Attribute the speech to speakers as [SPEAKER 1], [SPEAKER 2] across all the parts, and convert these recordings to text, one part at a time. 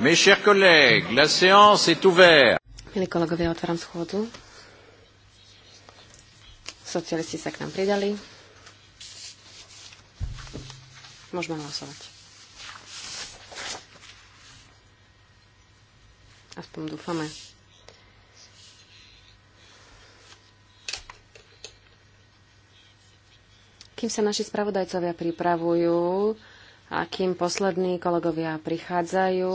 [SPEAKER 1] Mes chers collègues, la séance est ouverte.
[SPEAKER 2] Milí kolegovia, otváram schôdzu. Socialisti sa k nám pridali. Môžeme hlasovať. Aspoň dúfame. Kým sa naši spravodajcovia pripravujú, a kým poslední kolegovia prichádzajú,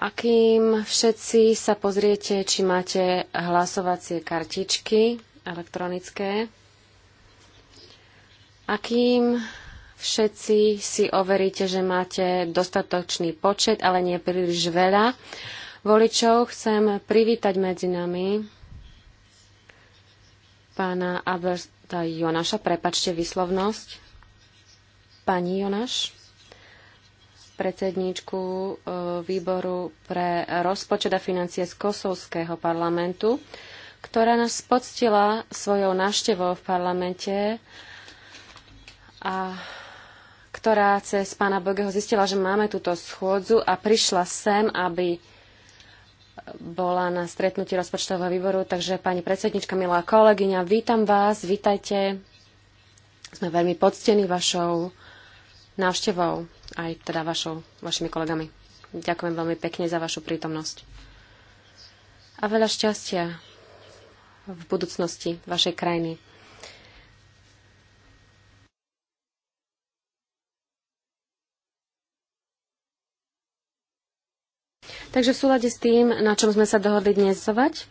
[SPEAKER 2] a kým všetci sa pozriete, či máte hlasovacie kartičky elektronické, a kým všetci si overíte, že máte dostatočný počet, ale nie príliš veľa, voličov chcem privítať medzi nami pána Alberta Jonaša, prepačte vyslovnosť pani Jonáš, predsedníčku e, výboru pre rozpočet a financie z Kosovského parlamentu, ktorá nás poctila svojou návštevou v parlamente a ktorá cez pána Bogeho zistila, že máme túto schôdzu a prišla sem, aby bola na stretnutí rozpočtového výboru. Takže pani predsednička, milá kolegyňa, vítam vás, vítajte. Sme veľmi poctení vašou návštevou, aj teda vašou, vašimi kolegami. Ďakujem veľmi pekne za vašu prítomnosť. A veľa šťastia v budúcnosti vašej krajiny. Takže v súlade s tým, na čom sme sa dohodli dnes zovať,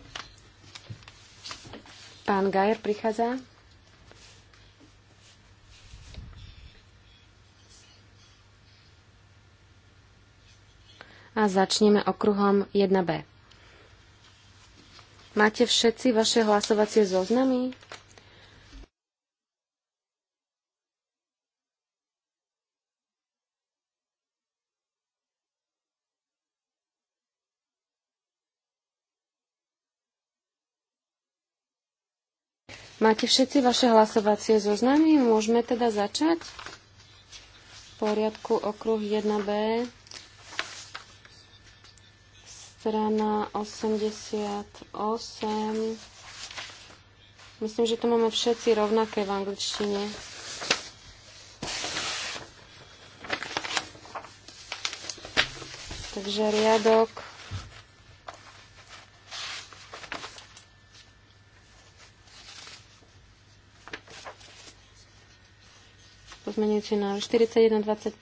[SPEAKER 2] pán Gajer prichádza. a začneme okruhom 1B. Máte všetci vaše hlasovacie zoznamy? Máte všetci vaše hlasovacie zoznamy? Môžeme teda začať? V poriadku okruh 1B strana 88. Myslím, že to máme všetci rovnaké v angličtine. Takže riadok pozmenujúci na 41.25.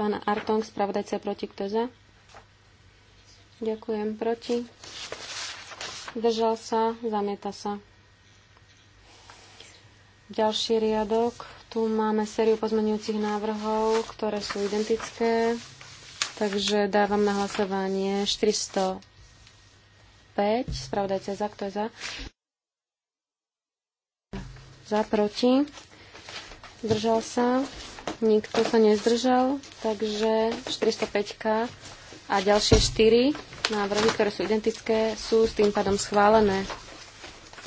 [SPEAKER 2] Pán Artong, spravodajca proti, kto za? Ďakujem. Proti? Držal sa? Zamieta sa. Ďalší riadok. Tu máme sériu pozmenujúcich návrhov, ktoré sú identické. Takže dávam na hlasovanie 405. Spravdajte za, kto je za. Za, proti. Držal sa. Nikto sa nezdržal. Takže 405. A ďalšie štyri návrhy, ktoré sú identické, sú s tým pádom schválené.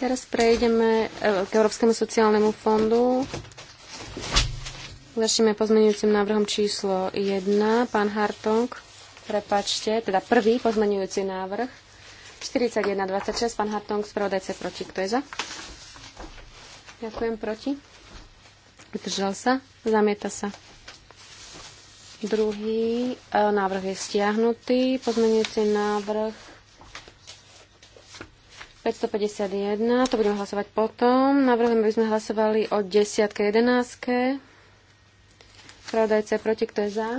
[SPEAKER 2] Teraz prejdeme e, k Európskemu sociálnemu fondu. Začneme pozmenujúcim návrhom číslo 1. Pán Hartong, prepačte, teda prvý pozmenujúci návrh. 41.26. Pán Hartong, spravodajce proti. Kto je za? Ďakujem proti. Zdržal sa. Zamieta sa. Druhý e, návrh je stiahnutý. Pozmenujúci návrh 551, to budeme hlasovať potom. Navrhujem, aby sme hlasovali o 10. 11. Pravdajce proti, kto je za?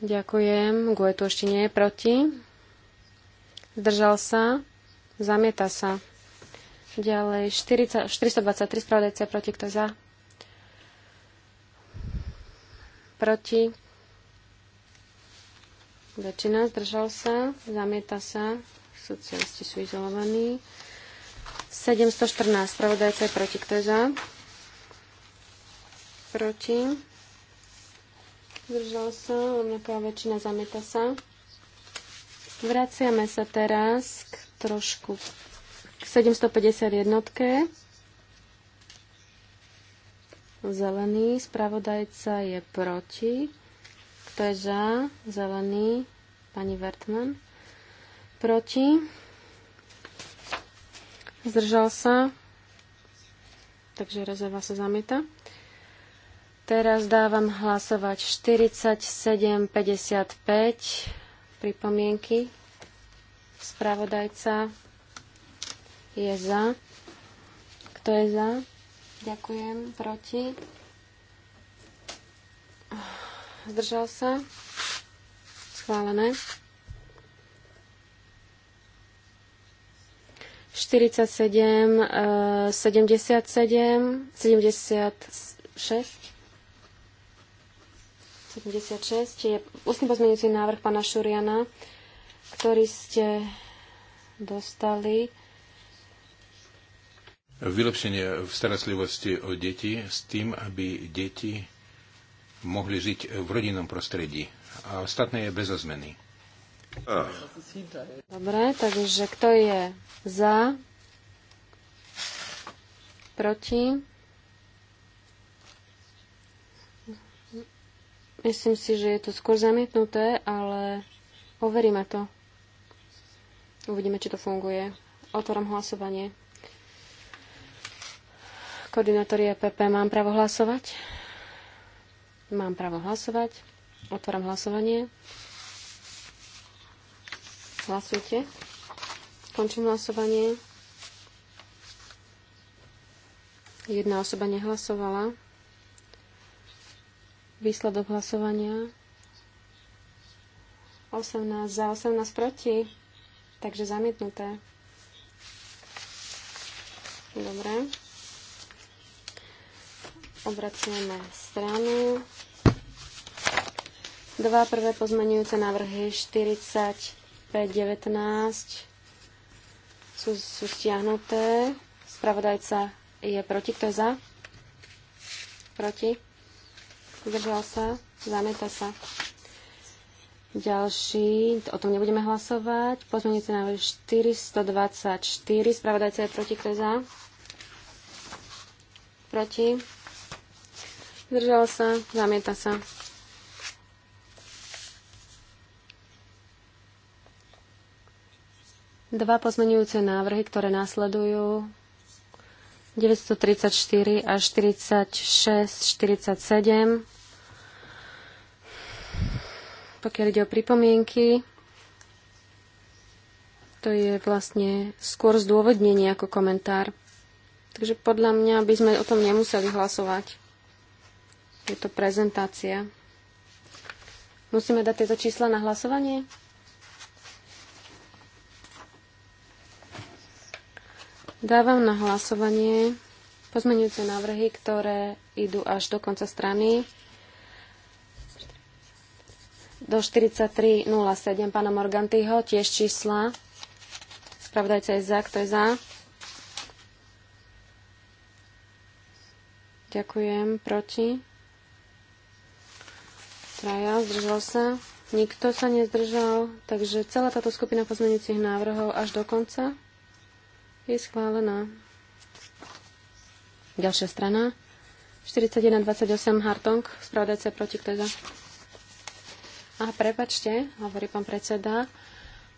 [SPEAKER 2] Ďakujem. Gue tu ešte nie je proti. Zdržal sa. Zamieta sa. Ďalej 40, 423, spravodajce proti, kto je za? proti, väčšina, zdržal sa, zamieta sa, socialisti sú izolovaní. 714, spravodajca je proti, kto je za? Proti. Zdržal sa, rovnaká väčšina, zamieta sa. Vraciame sa teraz k trošku k 751. Zelený. Spravodajca je proti. Kto je za? Zelený. Pani Vertman. Proti. Zdržal sa. Takže rezerva sa zamieta. Teraz dávam hlasovať 47, 55 pripomienky. Spravodajca je za. Kto je za? Ďakujem. Proti? Zdržal sa? Schválené. 47, 77, 76. 76 je ústny pozmeňujúci návrh pana Šuriana, ktorý ste dostali
[SPEAKER 1] vylepšenie v starostlivosti o deti s tým, aby deti mohli žiť v rodinnom prostredí. A ostatné je bez zmeny. Ah.
[SPEAKER 2] Dobre, takže kto je za? Proti? Myslím si, že je to skôr zamietnuté, ale overíme to. Uvidíme, či to funguje. Otvorím hlasovanie. Koordinátorie EPP, mám právo hlasovať? Mám právo hlasovať. Otváram hlasovanie. Hlasujte. Končím hlasovanie. Jedna osoba nehlasovala. Výsledok hlasovania 18 za, 18 proti. Takže zamietnuté. Dobre. Obraciame stranu. Dva prvé pozmenujúce návrhy 45-19 sú, sú stiahnuté. Spravodajca je proti. Kto je za? Proti. Zdržal sa. Zamieta sa. Ďalší, o tom nebudeme hlasovať. Pozmenujúce návrh 424. Spravodajca je proti, kto je za? Proti. Zdržal sa. Zamieta sa. Dva pozmenujúce návrhy, ktoré následujú. 934 až 46, 47. Pokiaľ ide o pripomienky, to je vlastne skôr zdôvodnenie ako komentár. Takže podľa mňa by sme o tom nemuseli hlasovať. Je to prezentácia. Musíme dať tieto čísla na hlasovanie? Dávam na hlasovanie pozmenujúce návrhy, ktoré idú až do konca strany do 43.07 pána Morgantyho, tiež čísla. Spravodajca je za, kto je za? Ďakujem, proti? traja, zdržal sa. Nikto sa nezdržal, takže celá táto skupina pozmeňujúcich návrhov až do konca je schválená. Ďalšia strana. 41.28 Hartong, spravodajca proti kteza. A prepačte, hovorí pán predseda,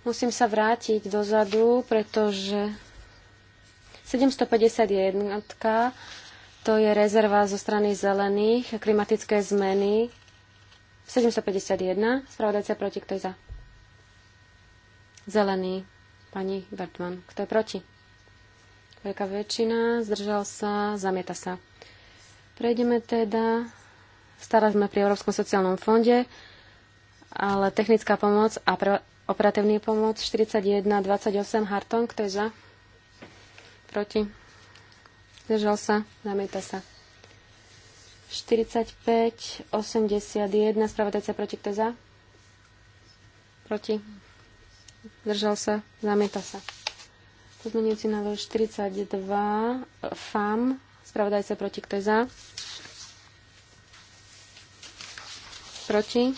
[SPEAKER 2] musím sa vrátiť dozadu, pretože 751 to je rezerva zo strany zelených, klimatické zmeny, 751. Spravodajca proti. Kto je za? Zelený. Pani Bertman. Kto je proti? Veľká väčšina. Zdržal sa. Zamieta sa. Prejdeme teda. Stará sme pri Európskom sociálnom fonde, ale technická pomoc a pre operatívny pomoc 28 Harton. Kto je za? Proti. Zdržal sa. Zamieta sa. 45, 81, spravodajca proti, kto je za? Proti. Držal sa, zamieta sa. Pozmenujúci návrh 42, FAM, spravodajca proti, kto je za? Proti.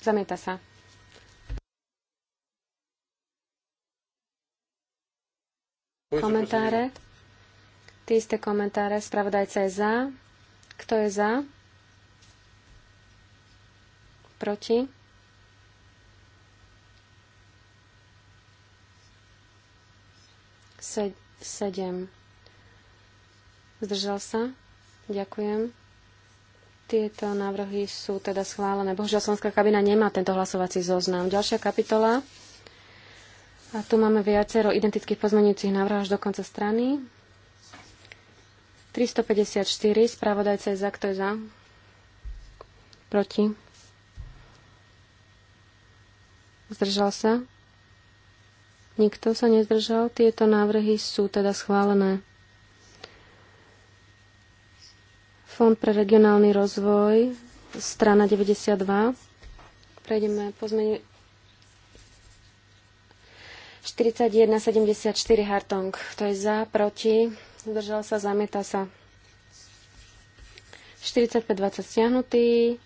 [SPEAKER 2] Zamieta sa. Komentáre? Tie isté komentáre. Spravodajca je za. Kto je za? Proti? Se- sedem. Zdržal sa? Ďakujem. Tieto návrhy sú teda schválené. Bohužiaľ, Slovenská kabina nemá tento hlasovací zoznam. Ďalšia kapitola. A tu máme viacero identických pozmenujúcich návrhov až do konca strany. 354, spravodajca je za, kto je za? Proti? Zdržal sa? Nikto sa nezdržal, tieto návrhy sú teda schválené. Fond pre regionálny rozvoj, strana 92. Prejdeme zmeni... 4174 Hartong. To je za, proti zdržal sa, zamieta sa. 45-20 stiahnutý.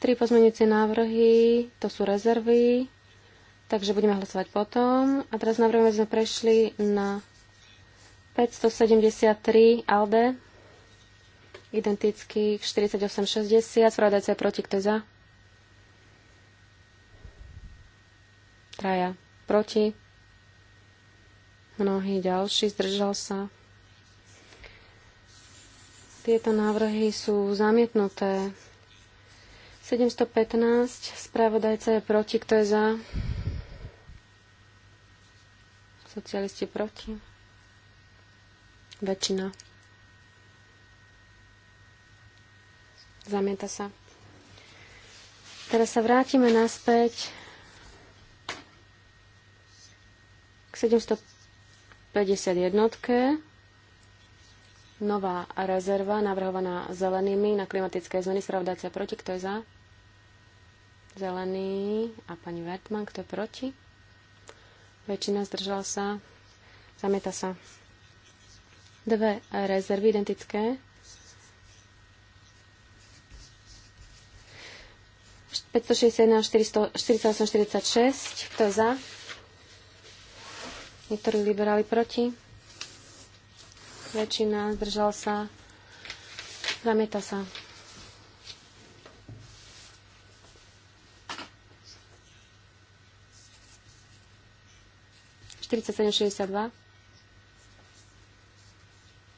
[SPEAKER 2] 3 pozmeňujúce návrhy, to sú rezervy, takže budeme hlasovať potom. A teraz navrhujem, sme prešli na 573 ALDE, identický 4860, spravodajca je proti, kto je za? Traja proti. Mnohí ďalší zdržal sa. Tieto návrhy sú zamietnuté. 715. Spravodajca je proti. Kto je za? Socialisti proti. Väčšina. Zamieta sa. Teraz sa vrátime naspäť k 715. 51. Nová rezerva navrhovaná zelenými na klimatické zmeny. Spravodajca proti. Kto je za? Zelený a pani Wertmann. Kto je proti? Väčšina zdržala sa. Zamieta sa. Dve rezervy identické. 561, 448 46. Kto je za? Niektorí liberáli proti. Väčšina zdržal sa. Zamieta sa. ...47,62.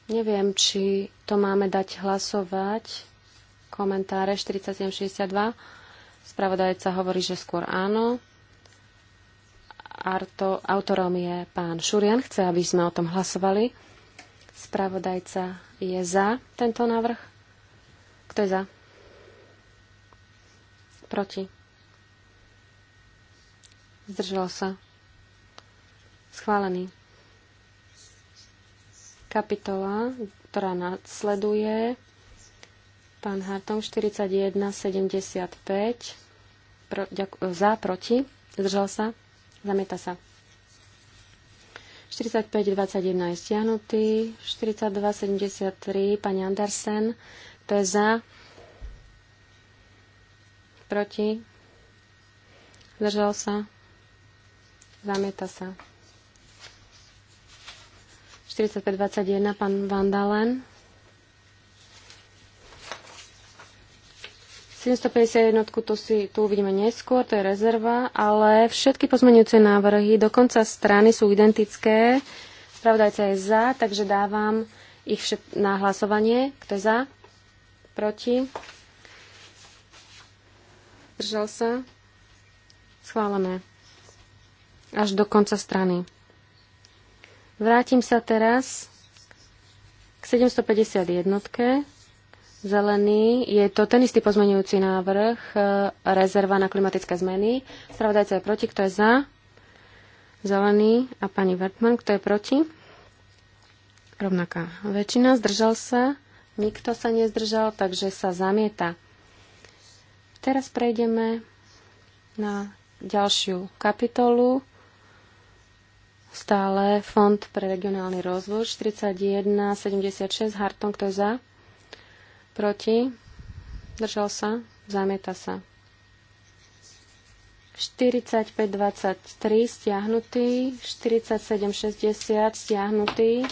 [SPEAKER 2] Neviem, či to máme dať hlasovať. Komentáre 47,62. Spravodajca hovorí, že skôr áno. Arto, autorom je pán Šurian. Chce, aby sme o tom hlasovali. Spravodajca je za tento návrh. Kto je za? Proti. Zdržal sa. Schválený. Kapitola, ktorá nasleduje. Pán Hartom, 41, 75. Pro, ďak, za, proti. Zdržal sa. Zamieta sa. 45-21 je stiahnutý. 42-73 pani Andersen. To je za. Proti. Zdržal sa. Zamieta sa. 45-21 pán Vandalen. 751 to si tu uvidíme neskôr, to je rezerva, ale všetky pozmeňujúce návrhy, dokonca strany sú identické. Spravodajca je za, takže dávam ich všet- na hlasovanie. Kto je za? Proti? Držal sa? Schválené. Až do konca strany. Vrátim sa teraz k 751. Zelený. Je to ten istý pozmenujúci návrh, e, rezerva na klimatické zmeny. Spravodajca je proti, kto je za? Zelený a pani Wertmann, kto je proti? Rovnaká väčšina. Zdržal sa? Nikto sa nezdržal, takže sa zamieta. Teraz prejdeme na ďalšiu kapitolu. Stále Fond pre regionálny rozvoj 4176 Harton, kto je za? proti, držal sa, zamieta sa. 45, 23, stiahnutý, 47, 60, stiahnutý.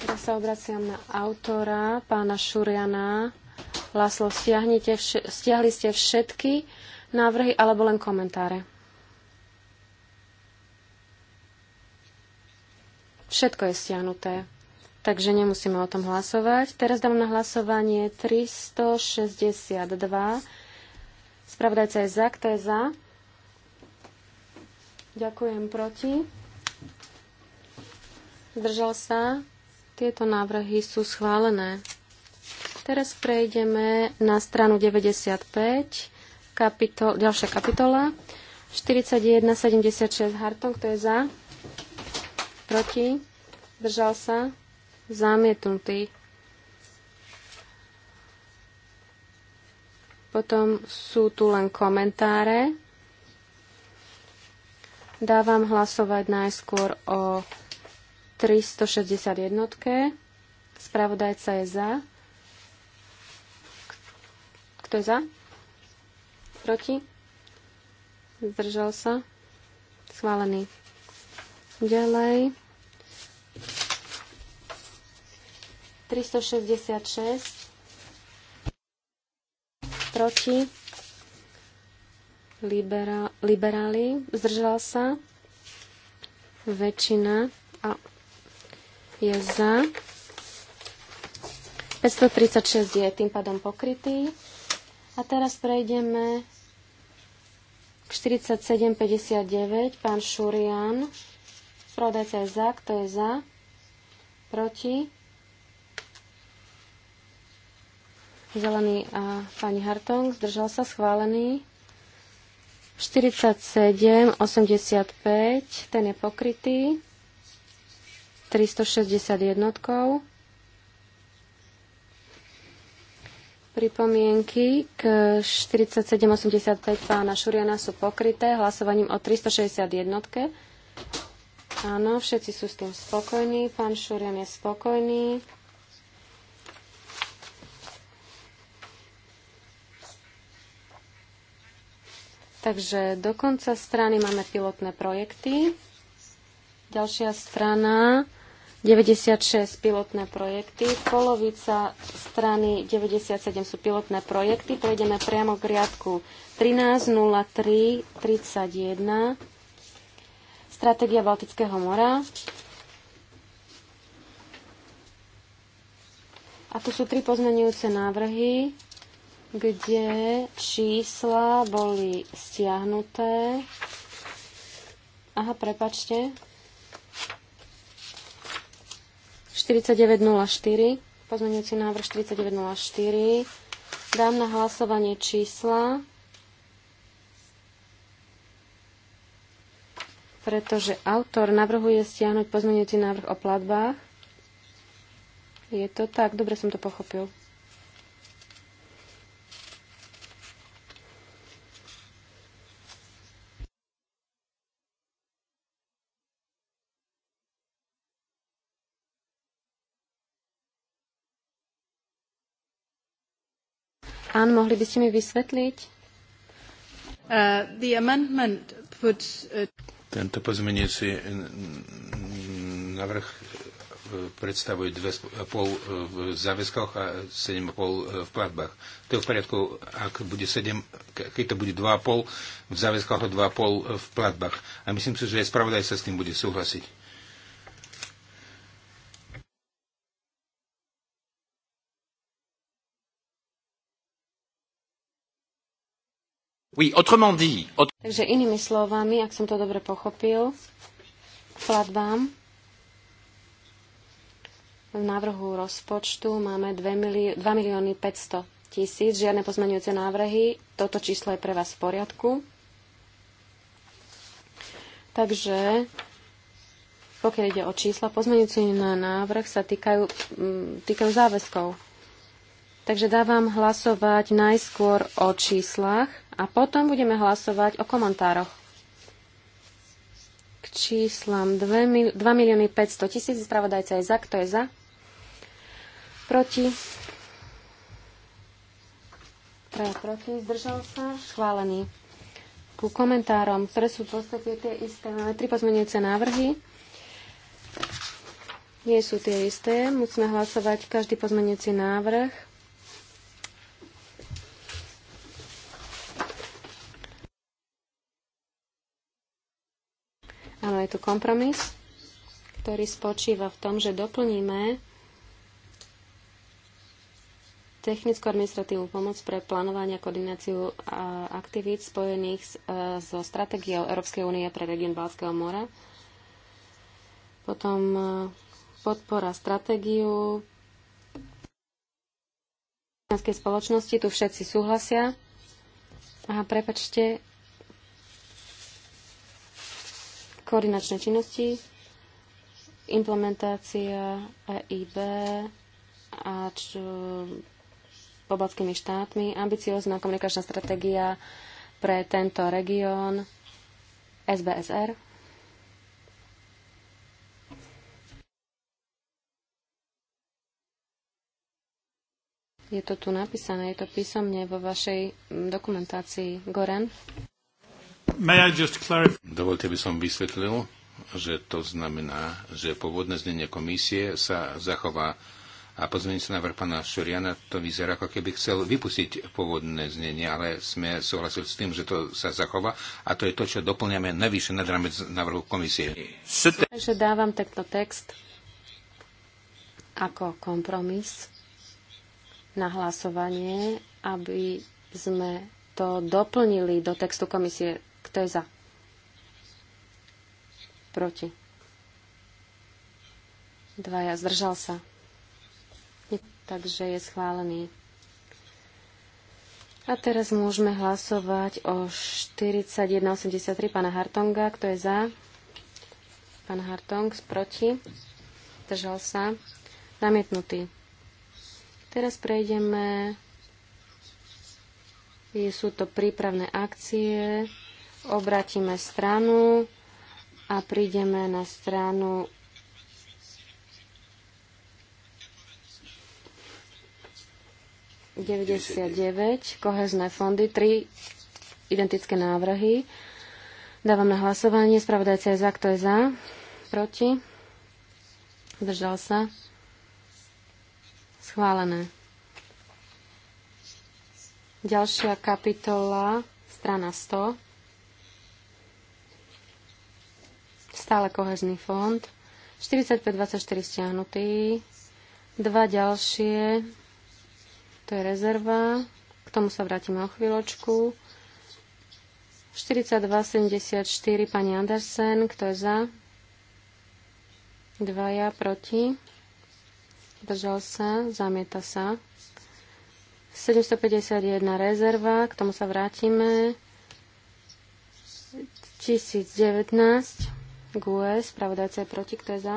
[SPEAKER 2] Teraz sa obraciam na autora, pána Šuriana. Laslo, stiahli ste všetky návrhy alebo len komentáre? Všetko je stiahnuté takže nemusíme o tom hlasovať. Teraz dám na hlasovanie 362. Spravodajca je za, kto je za? Ďakujem proti. Zdržal sa. Tieto návrhy sú schválené. Teraz prejdeme na stranu 95, kapitol, ďalšia kapitola. 41,76 Harton, kto je za? Proti? Zdržal sa? zamietnutý. Potom sú tu len komentáre. Dávam hlasovať najskôr o 361. Spravodajca je za. Kto je za? Proti? Zdržal sa? Schválený. Ďalej. 366 proti libera, liberáli. Zdržal sa väčšina a je za. 536 je tým pádom pokrytý. A teraz prejdeme k 47,59. Pán Šurian. Prodajca je za. Kto je za? Proti? zelený a pani Hartong, zdržal sa, schválený. 47, 85, ten je pokrytý. 360 jednotkov. Pripomienky k 4785 pána Šuriana sú pokryté hlasovaním o 360 jednotke. Áno, všetci sú s tým spokojní. Pán Šurian je spokojný. Takže do konca strany máme pilotné projekty. Ďalšia strana 96 pilotné projekty, polovica strany 97 sú pilotné projekty. Prejdeme priamo k riadku 13.03.31. Stratégia Baltického mora. A tu sú tri pozmenujúce návrhy kde čísla boli stiahnuté. Aha, prepačte. 4904, pozmeňujúci návrh 4904. Dám na hlasovanie čísla, pretože autor navrhuje stiahnuť pozmeňujúci návrh o platbách. Je to tak? Dobre som to pochopil. Áno, mohli by ste mi vysvetliť? Uh, the amendment uh...
[SPEAKER 1] Tento pozmeniaci návrh uh, predstavuje 2,5 uh, v záväzkoch a 7,5 uh, v platbách. To je v poriadku, ak bude 7, keď to bude 2,5 v záväzkoch a 2,5 v platbách. A myslím si, že aj spravodaj sa s tým bude súhlasiť. Oui, autrement dit,
[SPEAKER 2] Takže inými slovami, ak som to dobre pochopil, platbám v návrhu rozpočtu máme 2, milió- 2 milióny 500 tisíc, žiadne pozmeňujúce návrhy. Toto číslo je pre vás v poriadku. Takže pokiaľ ide o čísla, pozmeňujúci na návrh sa týkajú, mm, týkajú záväzkov. Takže dávam hlasovať najskôr o číslach a potom budeme hlasovať o komentároch k číslam 2, milióny 500 tisíc. Spravodajca je za. Kto je za? Proti? Traja proti. Zdržal sa. Schválený. Ku komentárom, ktoré sú v podstate tie isté. Máme tri pozmenujúce návrhy. Nie sú tie isté. Musíme hlasovať každý pozmenujúci návrh. kompromis, ktorý spočíva v tom, že doplníme technickú administratívnu pomoc pre plánovanie a koordináciu aktivít spojených e, so stratégiou Európskej únie pre región Balského mora. Potom e, podpora stratégiu spoločnosti, tu všetci súhlasia. A prepačte, koordinačné činnosti, implementácia EIB a čo, pobalskými štátmi, ambiciózna komunikačná stratégia pre tento región SBSR. Je to tu napísané, je to písomne vo vašej dokumentácii Goren.
[SPEAKER 1] Dovolte by som vysvetlil, že to znamená, že pôvodné znenie komisie sa zachová a na návrh pána Šuriana to vyzerá, ako keby chcel vypustiť pôvodné znenie, ale sme súhlasili s tým, že to sa zachová a to je to, čo doplňame najvyššie nad rámec návrhu komisie.
[SPEAKER 2] Takže dávam tento text ako kompromis na hlasovanie, aby sme to doplnili do textu komisie. Kto je za? Proti. Dvaja. Zdržal sa. Takže je schválený. A teraz môžeme hlasovať o 41.83 pána Hartonga. Kto je za? Pán Hartong proti. Držal sa. Namietnutý. Teraz prejdeme. Sú to prípravné akcie obratíme stranu a prídeme na stranu 99, kohezné fondy, tri identické návrhy. Dávam na hlasovanie. Spravodajca je za. Kto je za? Proti? Zdržal sa? Schválené. Ďalšia kapitola, strana 100. stále kohezný fond, 45-24 stiahnutý, dva ďalšie, to je rezerva, k tomu sa vrátime o chvíľočku, 42-74 pani Andersen, kto je za, dvaja proti, držal sa, zamieta sa, 751 rezerva, k tomu sa vrátime. 1019 GUE, spravodajca je proti, kto je za?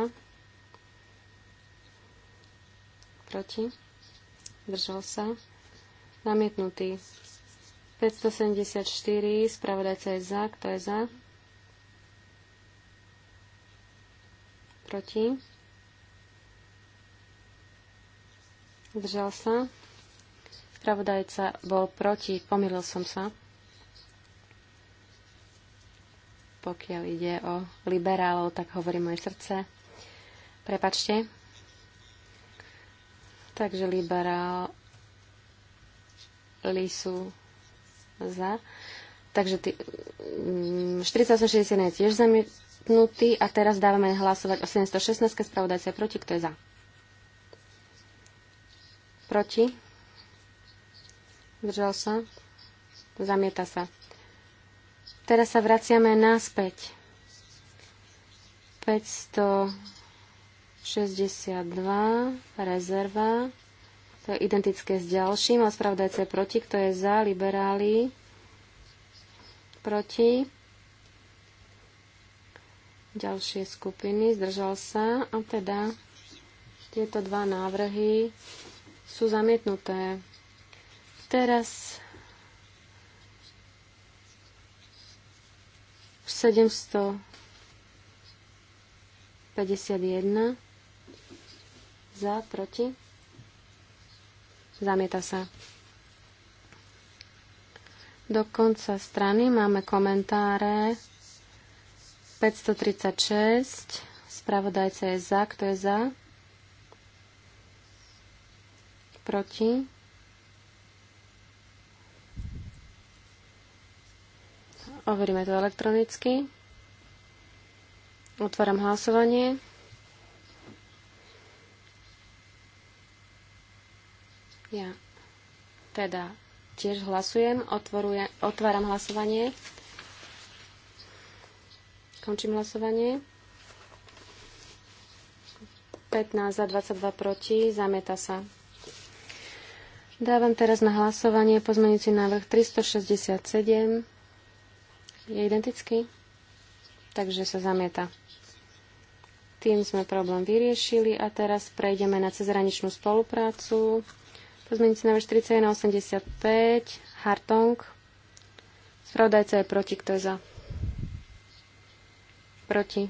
[SPEAKER 2] Proti. Držal sa. Namietnutý. 574, spravodajca je za, kto je za? Proti. Držal sa. Spravodajca bol proti, pomýlil som sa. Pokiaľ ide o liberálov, tak hovorí moje srdce. Prepačte. Takže liberáli sú za. Takže ty, 4861 mm, je tiež zamietnutý a teraz dávame hlasovať o 716. Spravodajca proti. Kto je za? Proti? Zdržal sa? Zamieta sa. Teraz sa vraciame naspäť. 562 rezerva. To je identické s ďalším. Ospravdajce proti. Kto je za? Liberáli. Proti. Ďalšie skupiny. Zdržal sa. A teda tieto dva návrhy sú zamietnuté. Teraz 751 za, proti. Zamieta sa. Do konca strany máme komentáre 536. Spravodajca je za. Kto je za? Proti. Overíme to elektronicky. Otváram hlasovanie. Ja teda tiež hlasujem. Otvoruje, otváram hlasovanie. Končím hlasovanie. 15 za 22 proti. Zamieta sa. Dávam teraz na hlasovanie pozmeňujúci návrh 367 je identický, takže sa zamieta. Tým sme problém vyriešili a teraz prejdeme na cezhraničnú spoluprácu. Pozmeňujúci návrh 41 Hartong. Spravodajca je proti, kto je za? Proti.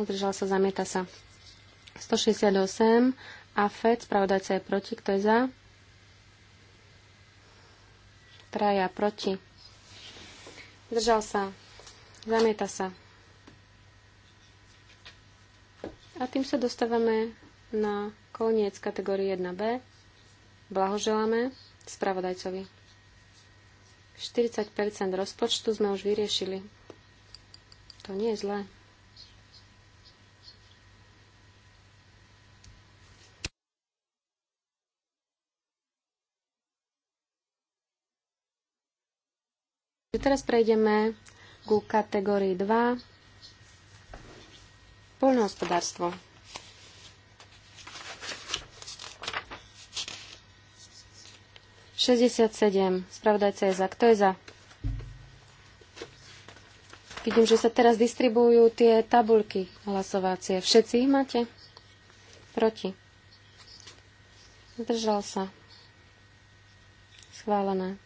[SPEAKER 2] Udržal sa, zamieta sa. 168, AFED, spravodajca je proti, kto je za? traja proti. držal sa. Zamieta sa. A tým sa dostávame na koniec kategórie 1b. Blahoželáme spravodajcovi. 40 rozpočtu sme už vyriešili. To nie je zlé. teraz prejdeme ku kategórii 2. Poľnohospodárstvo. Šesťdesiat sedem. Spravodajca je za. Kto je za? Vidím, že sa teraz distribujú tie tabulky hlasovacie. Všetci ich máte? Proti. Zdržal sa. Schválené.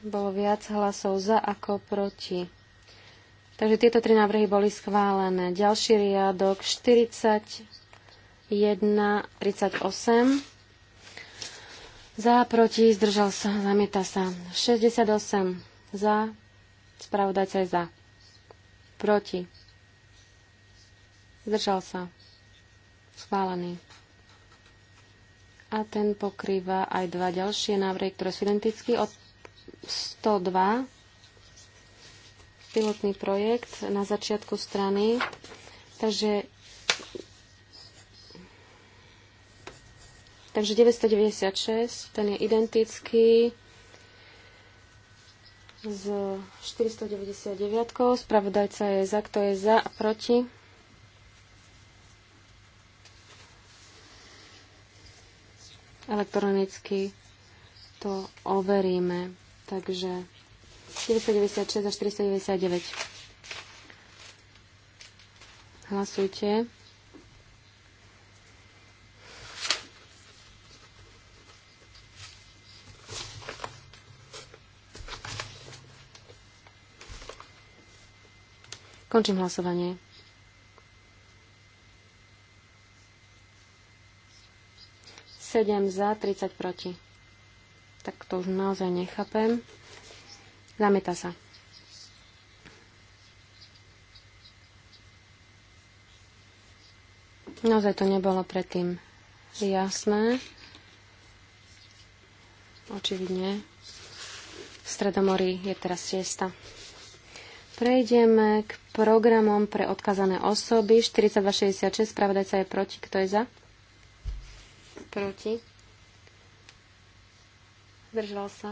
[SPEAKER 2] Bolo viac hlasov za ako proti. Takže tieto tri návrhy boli schválené. Ďalší riadok 41, 38. Za, proti, zdržal sa, zamieta sa. 68 za, spravodajca je za. Proti. Zdržal sa. Schválený. A ten pokrýva aj dva ďalšie návrhy, ktoré sú identicky od 102, pilotný projekt na začiatku strany. Takže Takže 996, ten je identický s 499. Spravodajca je za, kto je za a proti. Elektronicky to overíme. Takže 496 až 499. Hlasujte. Končím hlasovanie. Sedem za, tridsať proti tak to už naozaj nechápem. Zamieta sa. Naozaj to nebolo predtým jasné. Očividne. V Stredomorí je teraz siesta. Prejdeme k programom pre odkazané osoby. 4266, spravodajca je proti. Kto je za? Proti. Zdržal sa?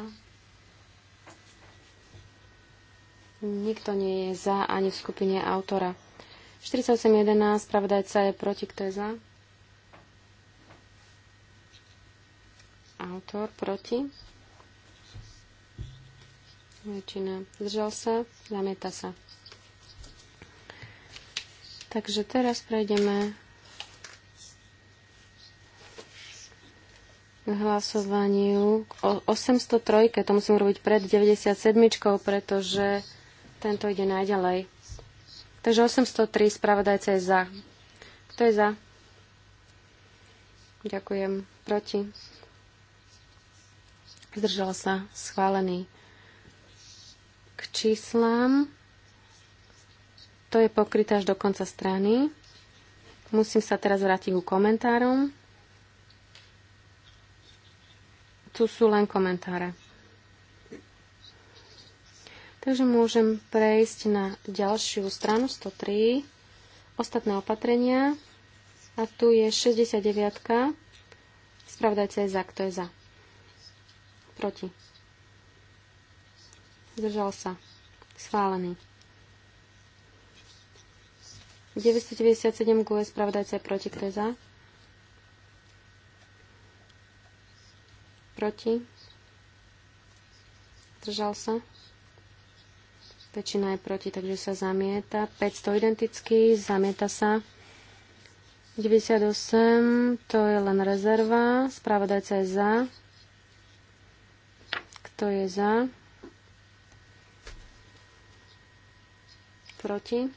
[SPEAKER 2] Nikto nie je za ani v skupine autora. 48.11, spravodajca je proti, kto je za? Autor proti. Väčšina zdržal sa, zamieta sa. Takže teraz prejdeme hlasovaniu o 803. To musím robiť pred 97. pretože tento ide najďalej. Takže 803 spravodajca je za. Kto je za? Ďakujem. Proti? Zdržal sa. Schválený. K číslám. To je pokryté až do konca strany. Musím sa teraz vrátiť ku komentárom. Tu sú len komentáre. Takže môžem prejsť na ďalšiu stranu 103, ostatné opatrenia. A tu je 69. Spravdajte je za. Kto je za? Proti. Zdržal sa. Schválený. 997 GUE spravodajca je proti. Kto je za? proti, Držal sa. Väčšina je proti, takže sa zamieta. 500 identický, zamieta sa. 98, to je len rezerva. Spravodajca je za. Kto je za? Proti?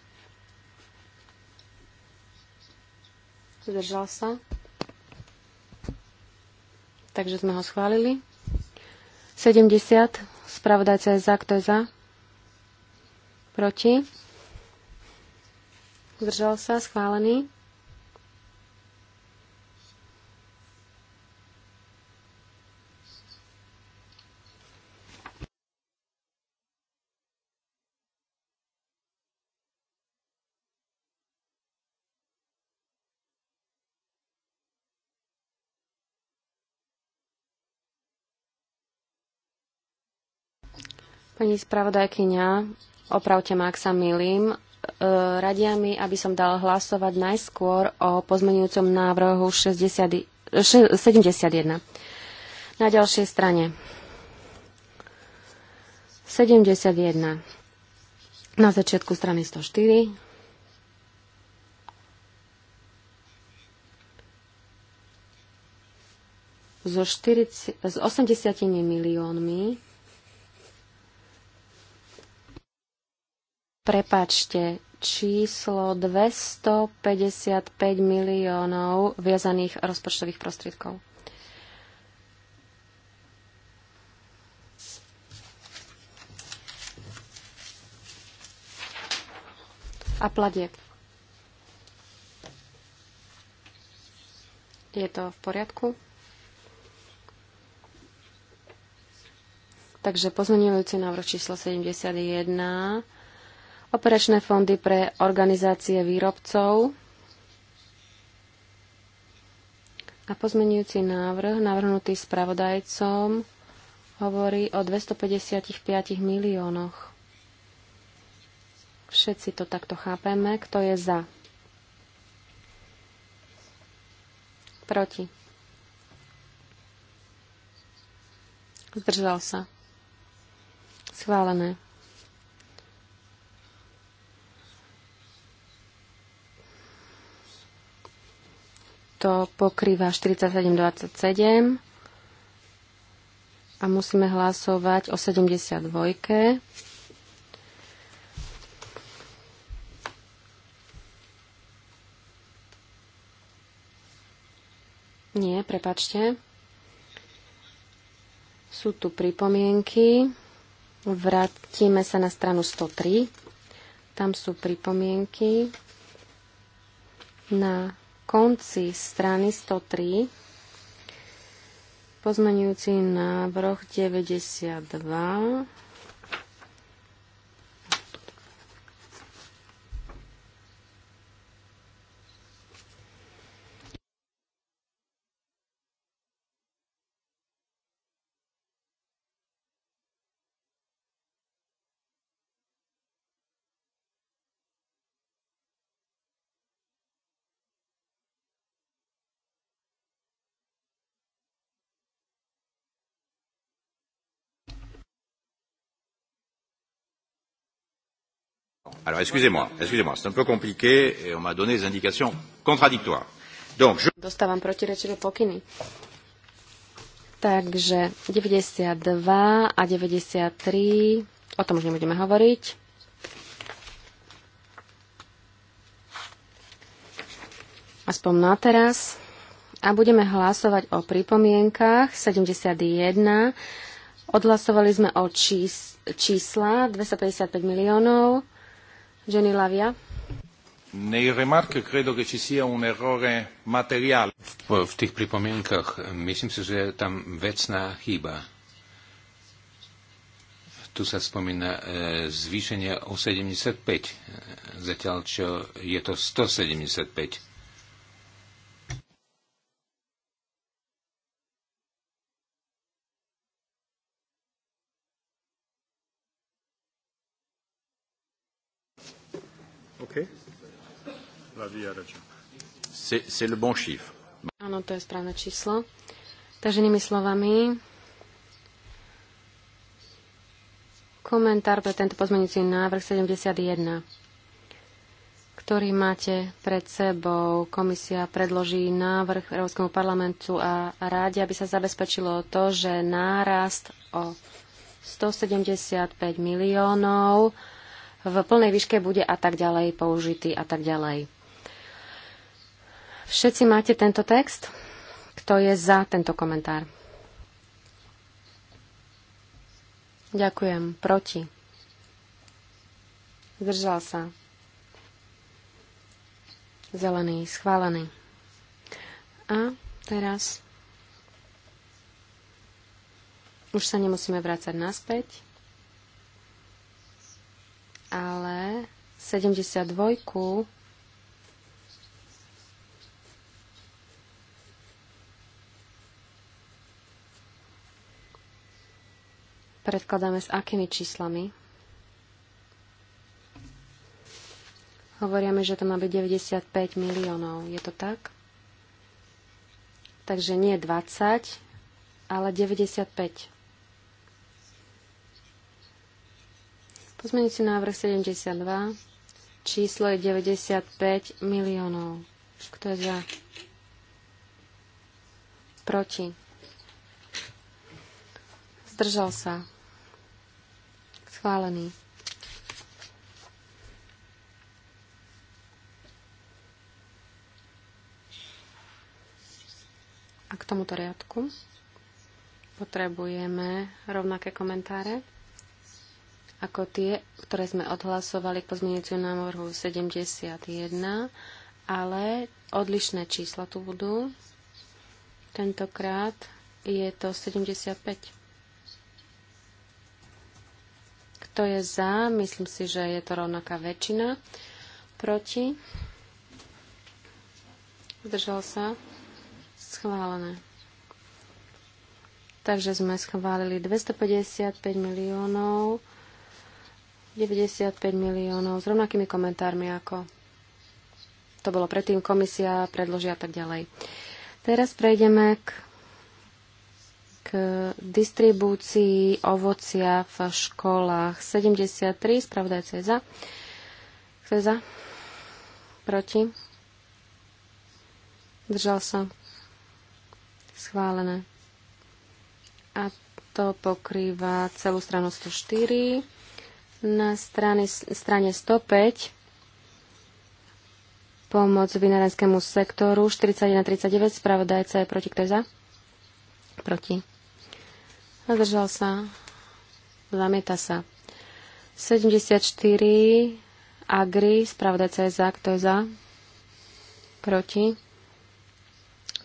[SPEAKER 2] Zdržal sa. Takže sme ho schválili. 70. Spravodajca je za. Kto je za? Proti? Zdržal sa. Schválený. Pani spravodajkyňa, opravte ma, ak sa milím. E, radia mi, aby som dal hlasovať najskôr o pozmenujúcom návrhu 60, 71. Na ďalšej strane. 71. Na začiatku strany 104. So, 40, s 80 miliónmi prepačte, číslo 255 miliónov viazaných rozpočtových prostriedkov. a platieb. Je to v poriadku? Takže pozmenujúci návrh číslo 71 Operačné fondy pre organizácie výrobcov a pozmenujúci návrh navrhnutý spravodajcom hovorí o 255 miliónoch. Všetci to takto chápeme. Kto je za? Proti. Zdržal sa. Schválené. to pokrýva 47,27 a musíme hlasovať o 72. Nie, prepačte. Sú tu pripomienky. Vrátime sa na stranu 103. Tam sú pripomienky na konci strany 103 pozmenujúci návrh 92
[SPEAKER 1] Alors, excusez-moi, excusez-moi, c'est un peu compliqué et on m'a donné des indications contradictoires. Donc, je...
[SPEAKER 2] Dostávam protirečivé pokyny. Takže 92 a 93, o tom už nebudeme hovoriť. Aspoň na teraz. A budeme hlasovať o pripomienkach 71. Odhlasovali sme o čís- čísla 255 miliónov. Ženy Lavia.
[SPEAKER 1] V, tých pripomienkach myslím si, že je tam vecná chyba. Tu sa spomína e, zvýšenie o 75, e, zatiaľ čo je to 175
[SPEAKER 2] Áno, to je správne číslo. Takže inými slovami, komentár pre tento pozmeňujúci návrh 71, ktorý máte pred sebou. Komisia predloží návrh Európskemu parlamentu a ráde, aby sa zabezpečilo to, že nárast o 175 miliónov v plnej výške bude a tak ďalej použitý a tak ďalej. Všetci máte tento text? Kto je za tento komentár? Ďakujem. Proti. Zdržal sa. Zelený. Schválený. A teraz už sa nemusíme vrácať naspäť, ale 72 predkladáme s akými číslami. Hovoríme, že to má byť 95 miliónov. Je to tak? Takže nie 20, ale 95. si návrh 72. Číslo je 95 miliónov. Kto je za? Proti. Zdržal sa. Schválený. A k tomuto riadku potrebujeme rovnaké komentáre ako tie, ktoré sme odhlasovali k pozmieniaciu návrhu 71, ale odlišné čísla tu budú. Tentokrát je to 75. Kto je za? Myslím si, že je to rovnaká väčšina. Proti? Zdržal sa? Schválené. Takže sme schválili 255 miliónov, 95 miliónov s rovnakými komentármi ako to bolo predtým komisia predložia a tak ďalej. Teraz prejdeme k k distribúcii ovocia v školách. 73, spravodajca je za. Kto je za? Proti? Držal sa. Schválené. A to pokrýva celú stranu 104. Na strane, strane 105 pomoc vinárenskému sektoru 41-39, spravodajca je proti, kto je za? Proti. Zdržal sa. Zamieta sa. 74. Agri. Spravda CZ. Kto je za? Proti.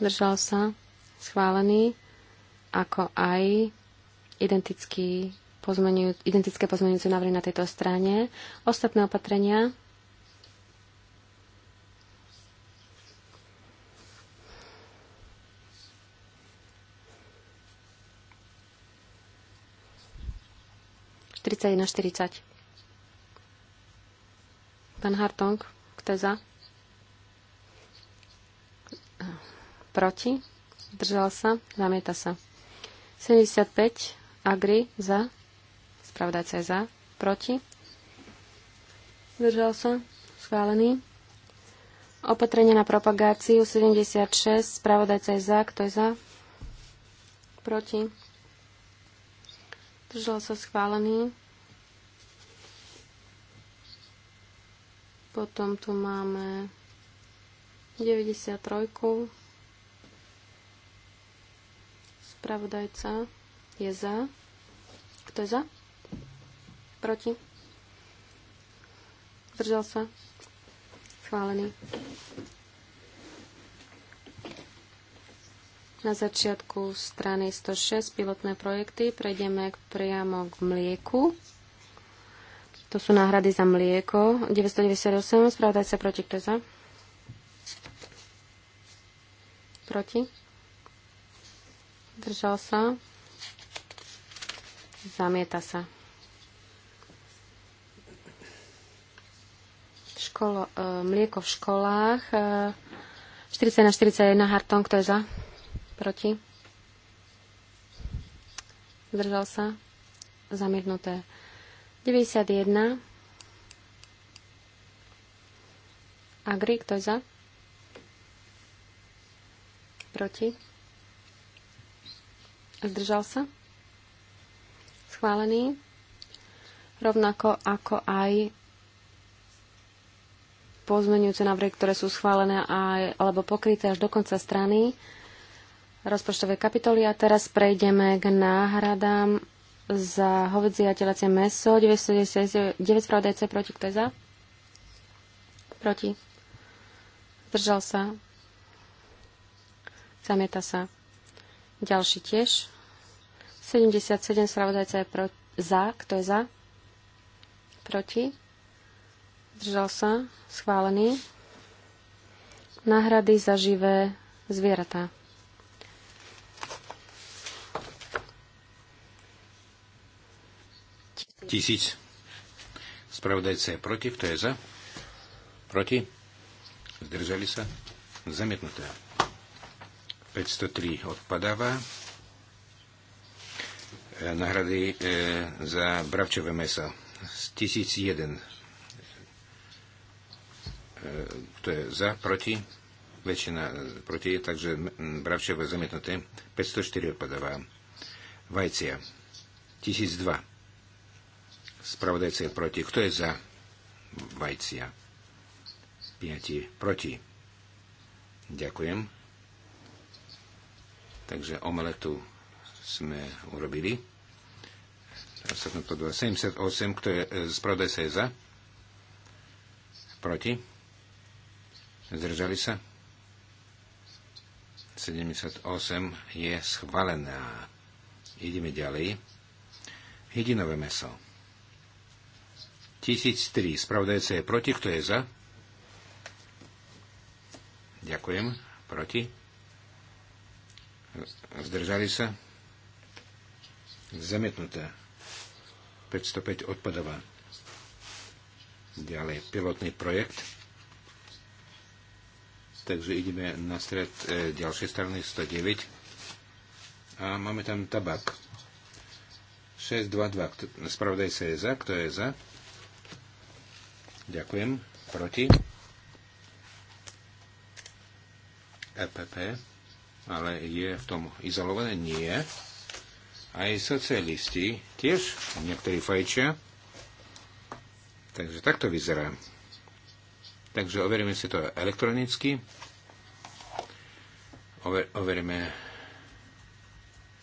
[SPEAKER 2] Zdržal sa. Schválený. Ako aj identický pozmeniu, identické pozmenujúce návrhy na tejto strane. Ostatné opatrenia 41,40. Pán Hartong, kto je za? Proti? Držal sa? Zamieta sa. 75. Agri za. Spravodajca je za. Proti? Držal sa? Schválený. Opatrenie na propagáciu 76. Spravodajca je za. Kto je za? Proti? Držal sa schválený. Potom tu máme 93. Spravodajca je za. Kto je za? Proti? Zdržal sa? Schválený. Na začiatku strany 106 pilotné projekty prejdeme priamo k mlieku. To sú náhrady za mlieko. 998, sa proti, kto je za? Proti? Držal sa. Zamieta sa. Školo, e, mlieko v školách. E, 40 na 41 Harton, kto je za? Proti? Držal sa? Zamietnuté. 91. Agri, kto je za? Proti? Zdržal sa? Schválený. Rovnako ako aj pozmenujúce návrhy, ktoré sú schválené aj, alebo pokryté až do konca strany rozpočtovej kapitoly. A teraz prejdeme k náhradám za hovedzie a telacie meso, 999 spravodajca proti, kto je za? Proti. Zdržal sa. Zamieta sa. Ďalší tiež. 77 spravodajca je pro, za, kto je za? Proti. Zdržal sa. Schválený. Náhrady za živé zvieratá.
[SPEAKER 1] tisíc. Spravodajca je proti. Kto je za? Proti? Zdržali sa? Zamietnuté. 503 odpadáva. E, nahrady e, za bravčové meso. Z 1001. E, kto je za? Proti? Väčšina proti, takže bravčové zamietnuté. 504 odpadáva. Vajcia. 1002 Spravodajca je proti. Kto je za? Vajcia. 5 proti. Ďakujem. Takže omeletu sme urobili. 78, kto je, e, spravodajca je za? Proti? Zdržali sa? 78 je schválená. Ideme ďalej. Hydinové meso. 1003. Spravodajca je proti. Kto je za? Ďakujem. Proti? Zdržali sa? Zamietnuté. 505 odpadová. Ďalej pilotný projekt. Takže ideme na stred e, ďalšej strany 109. A máme tam tabak. 622. Spravodaj sa je za. Kto je za? Ďakujem. Proti? EPP. Ale je v tom izolované? Nie. Aj socialisti tiež niektorí fajčia. Takže takto vyzerá. Takže overíme si to elektronicky. Over, overíme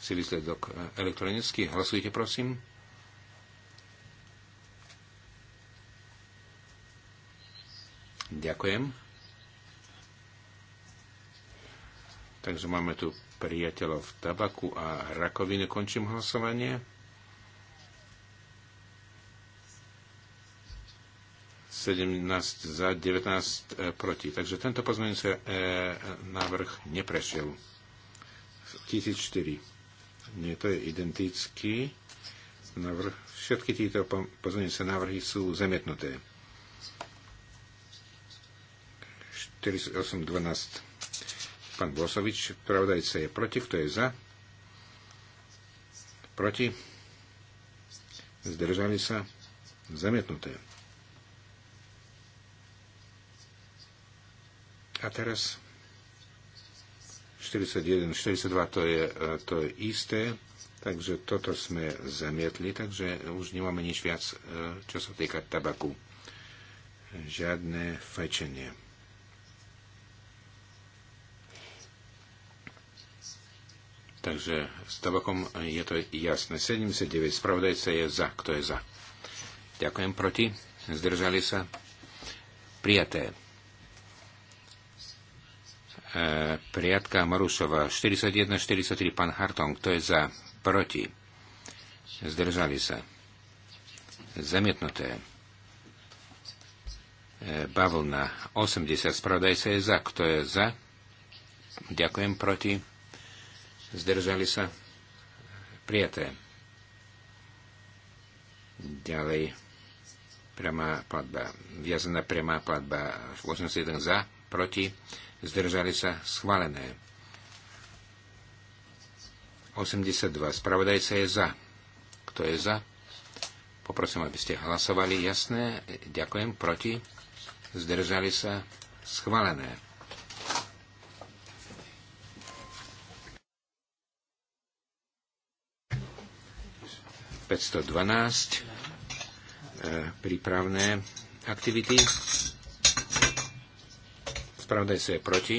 [SPEAKER 1] si výsledok e, elektronicky. Hlasujte, prosím. Ďakujem. Takže máme tu priateľov tabaku a rakoviny. Končím hlasovanie. Sedemnáct za, 19 e, proti. Takže tento pozmeňujúci e, návrh neprešiel. 1004. Nie, to je identický návrh. Všetky tieto pozmeňujúce návrhy sú zamietnuté. 48.12. Pán Bosovič, pravdajca je proti, kto je za? Proti? Zdržali sa? Zamietnuté. A teraz 41, 42 to je e, to je isté, takže toto sme zamietli, takže už nemáme nič viac, e, čo sa týka tabaku. Žiadne fajčenie. Takže s tabakom je to jasné. 79. Spravodajca je za. Kto je za? Ďakujem proti. Zdržali sa. Prijaté. E, priatka Marušova 41-43. Pán Harton. Kto je za? Proti. Zdržali sa. Zamietnuté. E, bavlna 80. Spravodajca je za. Kto je za? Ďakujem proti zdržali sa, prijaté. Ďalej, prema platba, viazaná prema platba 81 za, proti, zdržali sa, schválené. 82. Spravodajca je za. Kto je za? Poprosím, aby ste hlasovali. Jasné. Ďakujem. Proti? Zdržali sa? Schválené. 512, e, prípravné aktivity. Spravodajca je proti.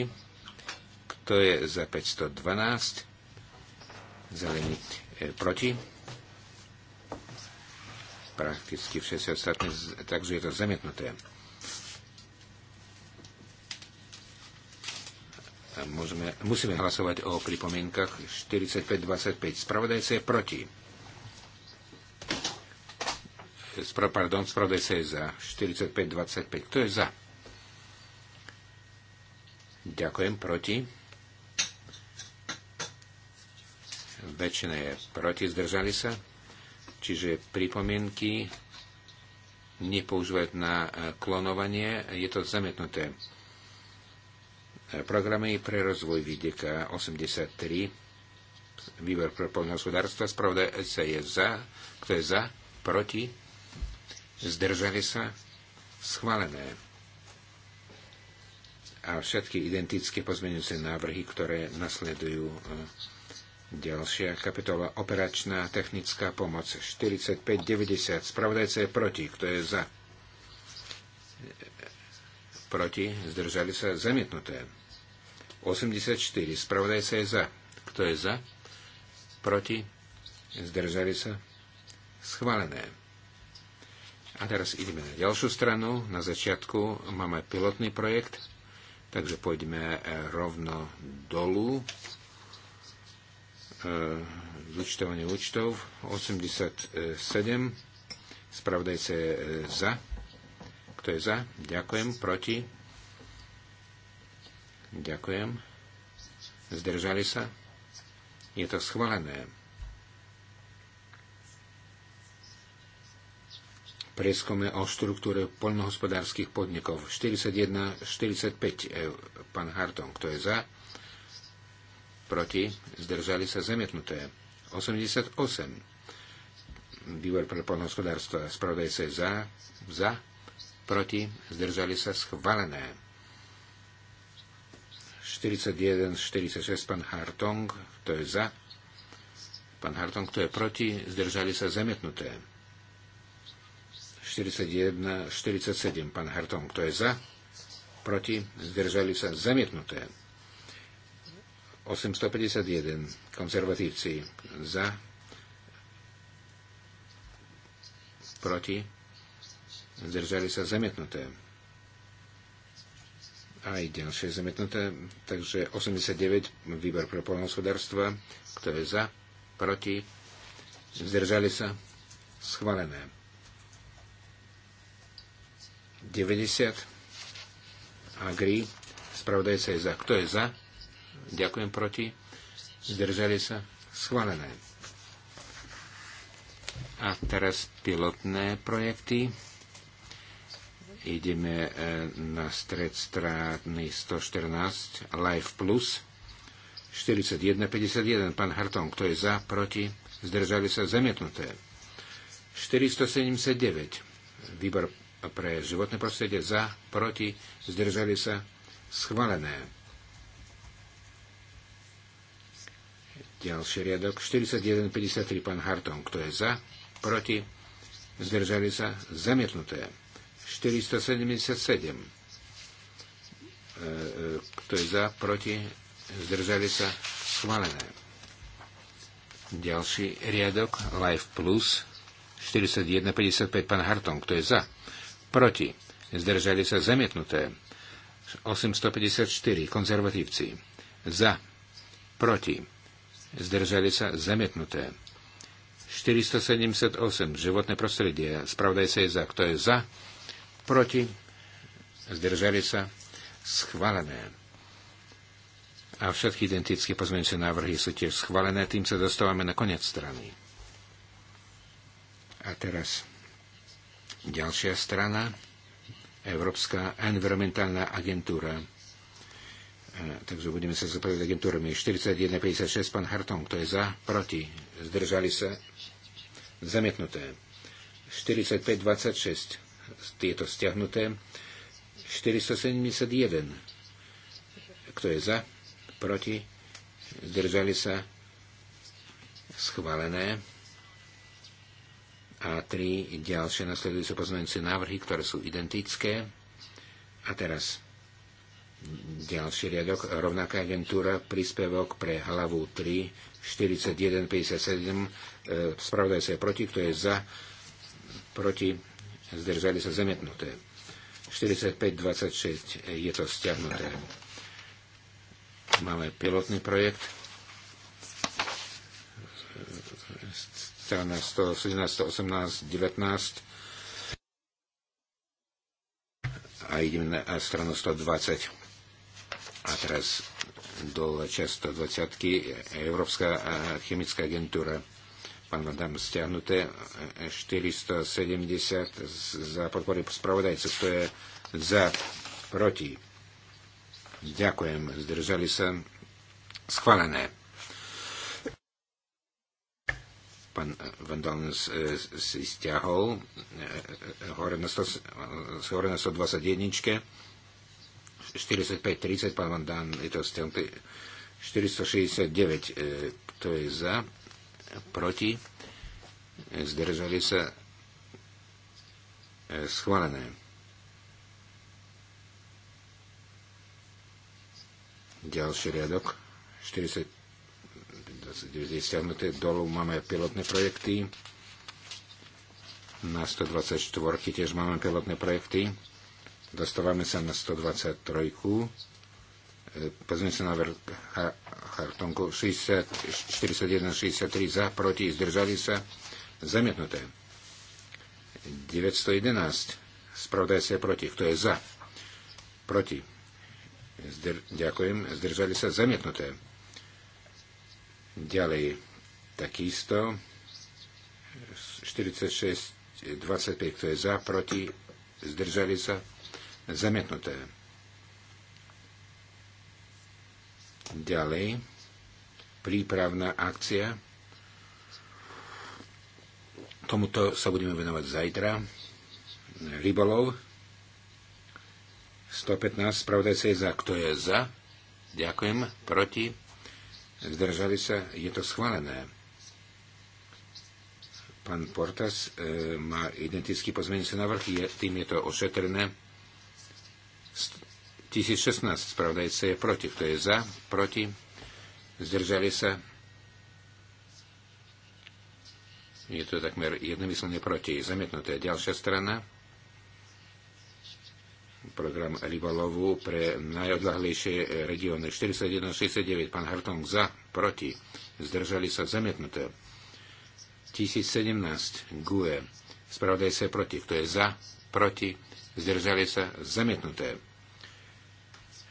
[SPEAKER 1] Kto je za 512? Zelený e, proti. Prakticky všetci ostatní, takže je to zamietnuté. Môžeme, musíme hlasovať o pripomienkach 45-25. Spravodajce je proti. Pardon, pardon, sa je za 45-25. Kto je za? Ďakujem. Proti? Väčšina je proti. Zdržali sa? Čiže pripomienky nepoužívať na e, klonovanie. Je to zametnuté. E, programy pre rozvoj vidieka 83. Výbor pre poľnohospodárstva. sa je za. Kto je za? Proti? zdržali sa, schválené. A všetky identické pozmeňujúce návrhy, ktoré nasledujú e, ďalšia kapitola operačná technická pomoc 4590. Spravodajca je proti. Kto je za? Proti. Zdržali sa zamietnuté. 84. Spravodajca je za. Kto je za? Proti. Zdržali sa. Schválené. A teraz ideme na ďalšiu stranu. Na začiatku máme pilotný projekt, takže poďme eh, rovno dolu. Zúčtovanie eh, účtov 87. Spravdajce eh, za. Kto je za? Ďakujem. Proti? Ďakujem. Zdržali sa? Je to schválené. prieskume o štruktúre poľnohospodárskych podnikov. 41-45, e, pán Harton, kto je za? Proti? Zdržali sa zamietnuté. 88. Výbor pre poľnohospodárstvo. Spravodajca je za? Za? Proti? Zdržali sa schválené. 41-46, pán Hartong, kto je za? Pán Hartong, kto je proti? Zdržali sa zamietnuté. 41, 47. Pán Harton, kto je za? Proti? Zdržali sa zamietnuté. 851. Konzervatívci za? Proti? Zdržali sa zamietnuté. Aj ďalšie zamietnuté. Takže 89. Výbor pre polnohospodárstva. Kto je za? Proti? Zdržali sa? Schválené. 90. Agri. Spravodajca je za. Kto je za? Ďakujem proti. Zdržali sa. Schválené. A teraz pilotné projekty. Ideme e, na stred strany 114 Life Plus 4151. Pán Harton, kto je za, proti, zdržali sa zamietnuté. 479. Výbor pre životné prostredie za, proti, zdržali sa, schválené. Ďalší riadok, 41.53, pán Harton, kto je za, proti, zdržali sa, zamietnuté. 477, e, e, kto je za, proti, zdržali sa, schválené. Ďalší riadok, Life Plus, 41.55, pán Harton, kto je za, proti, zdržali sa zamietnuté. 854 konzervatívci, za, proti, zdržali sa zamietnuté. 478 životné prostredie, sa je za, kto je za, proti, zdržali sa schválené. A všetky identické pozmeňujúce návrhy sú tiež schválené, tým sa dostávame na koniec strany. A teraz Ďalšia strana, Európska environmentálna agentúra. E, takže budeme sa zapojiť agentúrami. 41,56, pán Harton, kto je za, proti, zdržali sa, zamietnuté. 45,26, tieto stiahnuté. 471, kto je za, proti, zdržali sa, schválené a tri ďalšie nasledujúce pozmeňujúce návrhy, ktoré sú identické. A teraz ďalší riadok, rovnaká agentúra, príspevok pre hlavu 3, 41,57, e, spravodaj sa proti, kto je za, proti, zdržali sa zamietnuté. 45,26 e, je to stiahnuté. Máme pilotný projekt strana 117, 118, 19 a ideme na stranu 120. A teraz dole časť 120. Európska eh, chemická agentúra. Pán Adam, stiahnuté 470 eh, za podpory spravodajcov. To je za proti. Ďakujem. Zdržali sa. Schválené. Eh, pán Van si stiahol hore na 100, hore na 121. 45-30, pán Van Dalen je to stiahnutý. 469, to je za, proti, zdržali sa eh, schválené. Ďalší riadok, 45, kde je stiahnuté dolu, máme pilotné projekty. Na 124 tiež máme pilotné projekty. Dostávame sa na 123. E, pozrieme sa na vrch kartonku 41-63 za, proti, zdržali sa. Zamietnuté. 911. Spravdaj sa proti. Kto je za? Proti. Zdr- ďakujem. Zdržali sa. Zamietnuté. Ďalej, takisto 46, 25, kto je za, proti, zdržali sa, zamietnuté. Ďalej, prípravná akcia. Tomuto sa budeme venovať zajtra. Rybolov. 115, spravodajca je za. Kto je za? Ďakujem. Proti? zdržali sa, je to schválené. Pán Portas e, má identický pozmeňujúci návrh, je, tým je to ošetrené. 1016 spravodajca je proti, kto je za, proti, zdržali sa. Je to takmer jednomyslne proti. Zamietnuté. Ďalšia strana program Rybalovu pre najodlahlejšie regióny. 41-69, pán Hartong za, proti, zdržali sa zamietnuté. 1017, GUE, spravodaj sa proti, kto je za, proti, zdržali sa zamietnuté.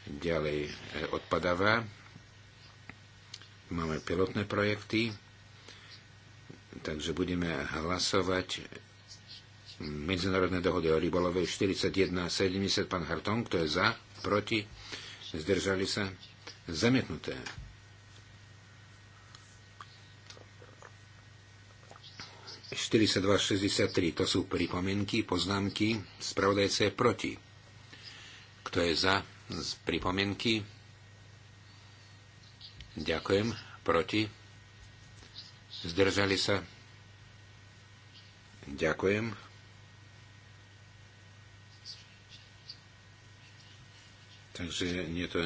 [SPEAKER 1] Ďalej e, odpadáva. Máme pilotné projekty, takže budeme hlasovať medzinárodnej dohody o rybolove 41.70. Pán Harton, kto je za, proti, zdržali sa, zamietnuté. 63. to sú pripomienky, poznámky, spravodajce proti. Kto je za z pripomienky? Ďakujem. Proti? Zdržali sa? Ďakujem. Takže nie je to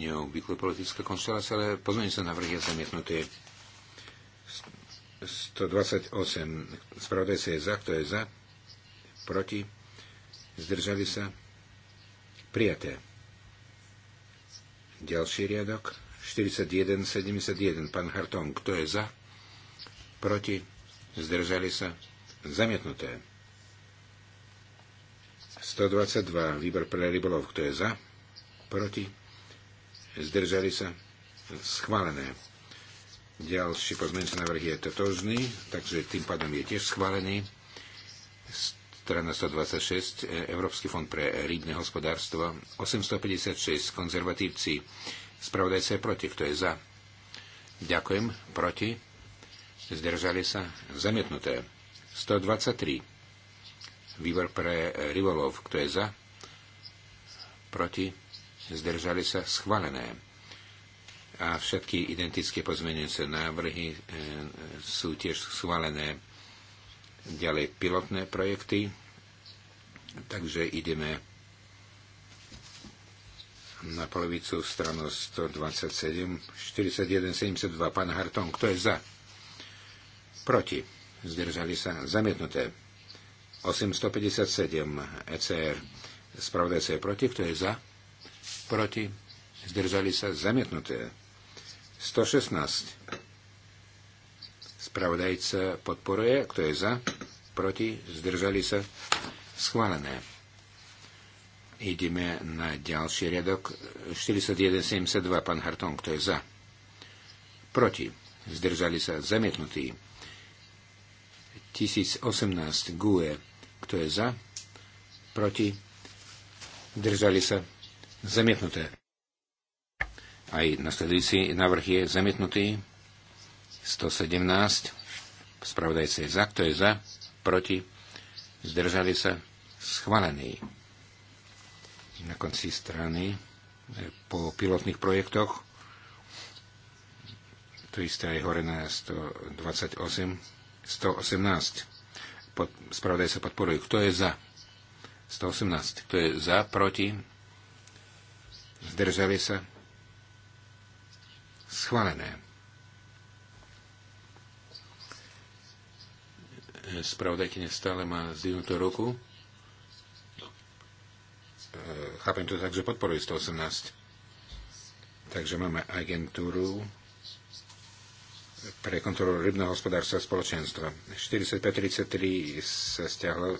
[SPEAKER 1] neobvyklá politická konštelácia, ale pozmeňujú sa návrhy a zamietnuté. 128. Spravodaj sa je za, kto je za, proti, zdržali sa, prijaté. Ďalší riadok, 41, 71. Pán Hartong, kto je za, proti, zdržali sa, zamietnuté. 122. Výbor pre rybolov, kto je za, proti, zdržali sa, schválené. Ďalší pozmeňujúci návrh je totožný, takže tým pádom je tiež schválený. Strana 126, e, Európsky fond pre rýbne hospodárstvo, 856, konzervatívci, spravodajca je proti, kto je za. Ďakujem, proti, zdržali sa, zamietnuté. 123, výbor pre rybolov, kto je za, proti, zdržali sa, schválené. A všetky identické pozmenujúce návrhy e, sú tiež schválené. Ďalej pilotné projekty. Takže ideme na polovicu stranu 127, 41, 72. Pán Harton, kto je za? Proti. Zdržali sa. Zamietnuté. 857 ECR. Spravodajca je proti. Kto je za? proti, zdržali sa zamietnuté. 116. Spravodajca podporuje, kto je za, proti, zdržali sa schválené. Ideme na ďalší riadok. 41.72, pán Harton, kto je za? Proti. Zdržali sa zamietnutí. 1018 GUE, kto je za? Proti. Držali sa Zamietnuté. Aj nasledujúci návrh je zamietnutý. 117. Spravodajca je za. Kto je za? Proti? Zdržali sa? Schválený. Na konci strany e, po pilotných projektoch. To isté aj hore na 128. 118. Pod, spravodaj podporuje. Kto je za? 118. Kto je za? Proti? Zdržali sa? Schválené. Spravodajkyne stále má zdvihnutú ruku. E, chápem to tak, že podporuje 118. Takže máme agentúru pre kontrolu rybného hospodárstva a spoločenstva. 4533 sa stiahlo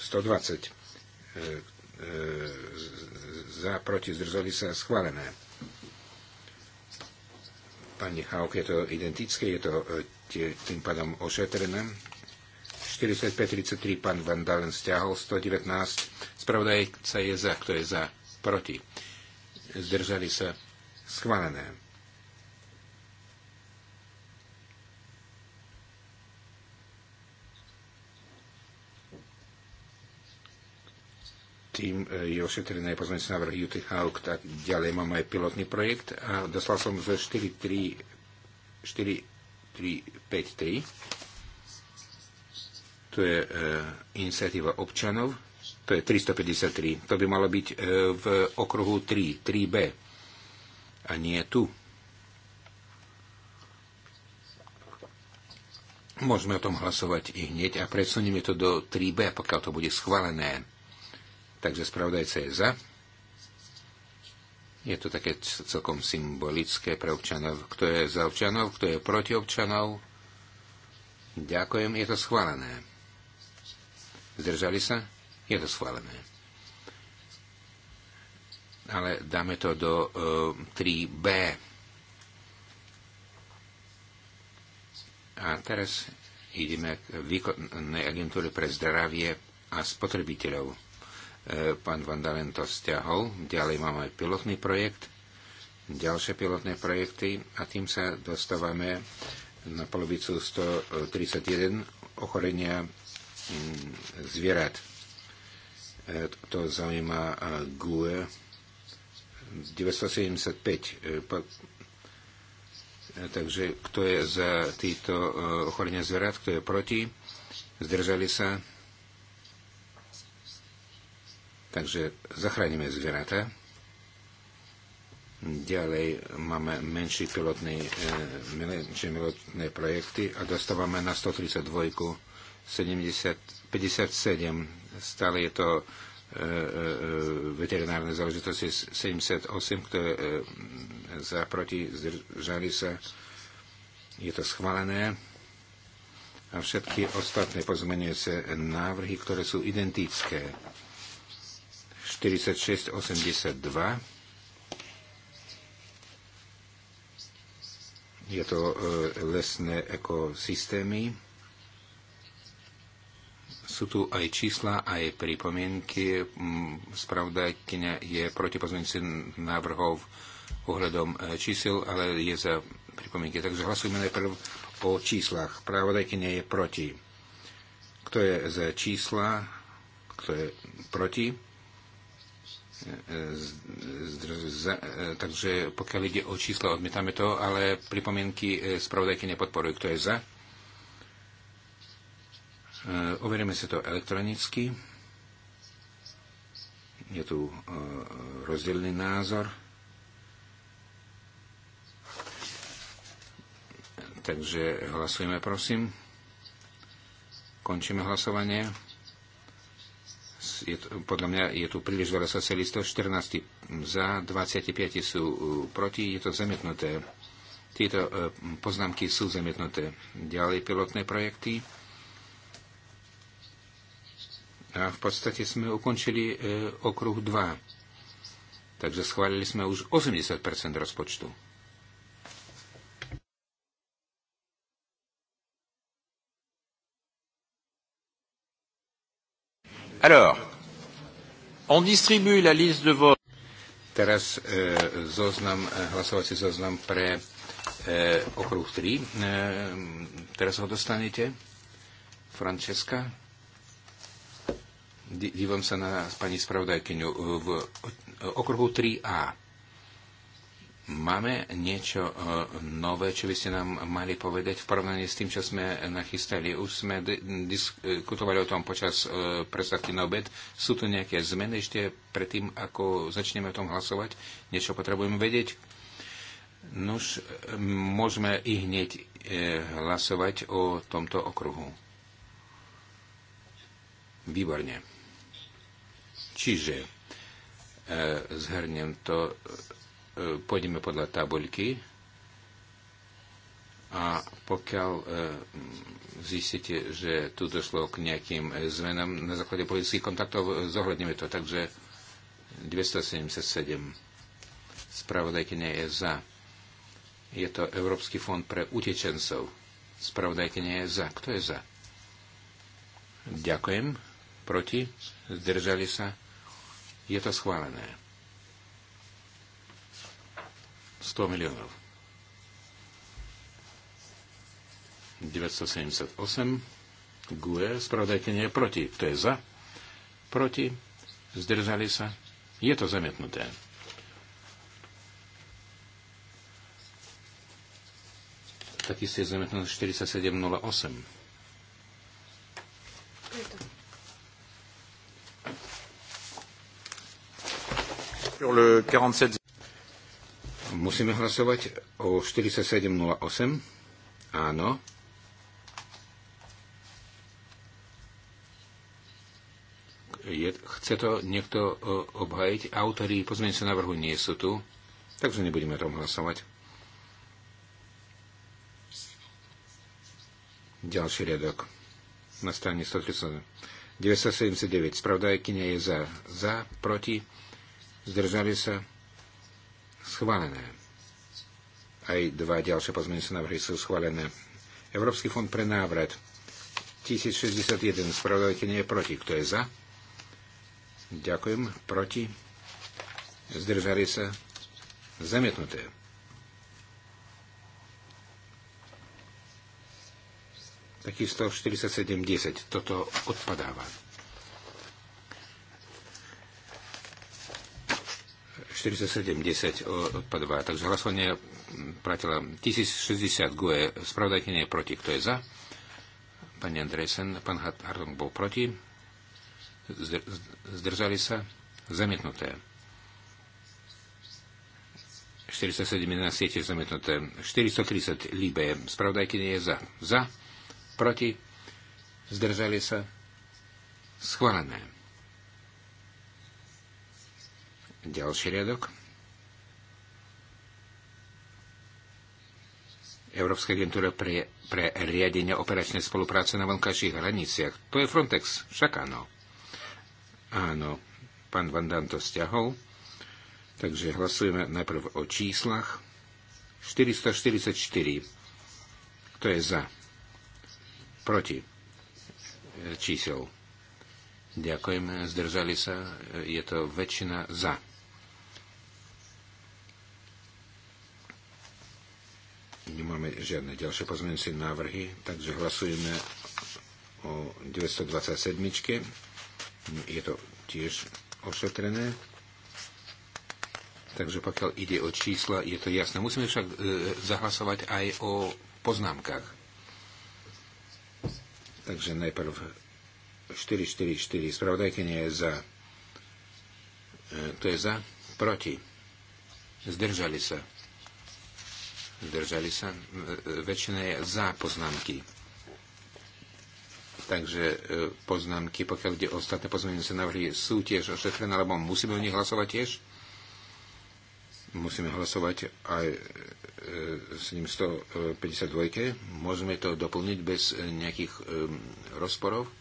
[SPEAKER 1] 120. E, E, za, proti, zdržali sa, schválené. Pani Hauk, je to identické, je to e, tým pádom ošetrené. 45.33, pán Van Dalen stiahol, 119. Spravodajca je za, kto je za, proti. Zdržali sa, schválené. tým e, je ošetrené pozmeňujúce návrh Juty tak ďalej mám aj pilotný projekt a dostal som zo 4353. To je uh, iniciatíva občanov. To je 353. To by malo byť uh, v okruhu 3, 3B. A nie tu. Môžeme o tom hlasovať i hneď a presunieme to do 3B, pokiaľ to bude schválené. Takže spravodajca je za. Je to také celkom symbolické pre občanov. Kto je za občanov, kto je proti občanov. Ďakujem, je to schválené. Zdržali sa? Je to schválené. Ale dáme to do e, 3b. A teraz ideme k výkonnej agentúre pre zdravie a spotrebiteľov. E, pán Vandalen to stiahol. Ďalej máme pilotný projekt, ďalšie pilotné projekty a tým sa dostávame na polovicu 131 ochorenia mm, zvierat. E, to zaujíma e, GUE 975. Takže kto je za týto ochorenia zvierat, kto je proti, zdržali sa, Takže zachránime zvieratá. Ďalej máme menší pilotný, eh, menší pilotné projekty a dostávame na 132 70, 57. Stále je to eh, eh, veterinárne záležitosti 78, ktoré za proti zdržali sa. Je to schválené. A všetky ostatné pozmenujúce návrhy, ktoré sú identické. 4682. Je to e, lesné ekosystémy. Sú tu aj čísla, aj pripomienky. Mm, spravodajkyňa je proti pozmeňujúcim návrhov ohľadom e, čísel, ale je za pripomienky. Takže hlasujeme najprv o číslach. Pravodajkyňa je proti. Kto je za čísla? Kto je proti? E, takže pokiaľ ide o číslo, odmietame to, ale pripomienky e, spravodajky nepodporujú. Kto je za? E, overíme si to elektronicky. Je tu rozdielný názor. Takže hlasujeme, prosím. Končíme hlasovanie je, podľa mňa je tu príliš veľa socialistov, 14 za, 25 sú e, proti, je to zamietnuté. Tieto e, poznámky sú zamietnuté. Ďalej pilotné projekty. A v podstate sme ukončili e, okruh 2. Takže schválili sme už 80 rozpočtu. Alors, on distribue la liste de vote. Teraz e, zoznam, e, hlasovací zoznam pre e, okruh 3. E, teraz ho dostanete. Francesca. Dívam sa na pani spravodajkyňu v okruhu 3A. Máme niečo eh, nové, čo by ste nám mali povedať v porovnaní s tým, čo sme nachystali? Už sme diskutovali o tom počas eh, predstavky na obed. Sú tu nejaké zmeny ešte predtým, ako začneme o tom hlasovať? Niečo potrebujeme vedieť? Nuž, môžeme i hneď eh, hlasovať o tomto okruhu. Výborne. Čiže zhrnem to E, pôjdeme podľa tabuľky a pokiaľ e, zistíte, že tu došlo k nejakým zmenám na základe politických kontaktov, zohľadneme to. Takže 277 nie je za. Je to Európsky fond pre utečencov. nie je za. Kto je za? Ďakujem. Proti? Zdržali sa? Je to schválené. 100 miliónov. 978. GUE, spravodajte nie je proti. To je za. Proti. Zdržali sa. Je to zamietnuté. Takisto je zamietnuté 4708. sur le 47 Musíme hlasovať o 47.08. Áno. Je, chce to niekto obhajiť? Autori pozmeňujúceho návrhu nie sú tu, takže nebudeme o tom hlasovať. Ďalší riadok. Na strane 137. 979. Spravodajkynia je za. Za. Proti. Zdržali sa. Schválené. Aj dva ďalšie pozmeňujúce návrhy sú schválené. Európsky fond pre návrat. 1061. Spravodajte nie je proti. Kto je za? Ďakujem. Proti? Zdržali sa? Zamietnuté. Taký 147.10. Toto odpadáva. 4710 odpadová. Takže hlasovanie pratila 1060 GUE. Spravodajkynie je proti. Kto je za? Pani Andresen. Pán Hardong bol proti. Zdržali sa. Zamietnuté. 417 je tiež zamietnuté. 430 Libe. Spravodajkynie je za. Za. Proti. Zdržali sa. Schválené. Ďalší riadok. Európska agentúra pre, pre riadenie operačnej spolupráce na vonkajších hraniciach. To je Frontex, však áno. Áno, pán Vandán to stiahol. Takže hlasujeme najprv o číslach. 444. Kto je za? Proti e, čísel. Ďakujem, zdržali sa. E, je to väčšina za. Nemáme žiadne ďalšie pozmeňujúce návrhy, takže hlasujeme o 927. Je to tiež ošetrené. Takže pokiaľ ide o čísla, je to jasné. Musíme však e, zahlasovať aj o poznámkach. Takže najprv 444. nie je za. E, to je za. Proti. Zdržali sa. Držali sa, e, e, väčšina je za poznámky. Takže e, poznámky, pokiaľ ide ostatné pozmeňujúce návrhy, sú tiež ošetrené, alebo musíme o nich hlasovať tiež? Musíme hlasovať aj 752. Môžeme to doplniť bez nejakých rozporov?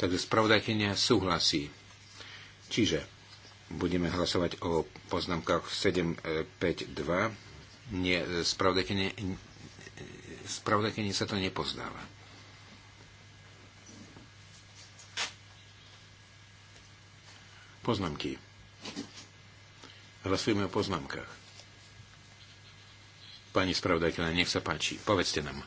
[SPEAKER 1] Takže spravodajkenia súhlasí. Čiže Budeme hlasovať o poznámkach 752. Nie, spravodajkyni sa to nepoznáva. Poznámky. Hlasujeme o poznámkach. Pani spravodajkyňa, nech sa páči, povedzte nám.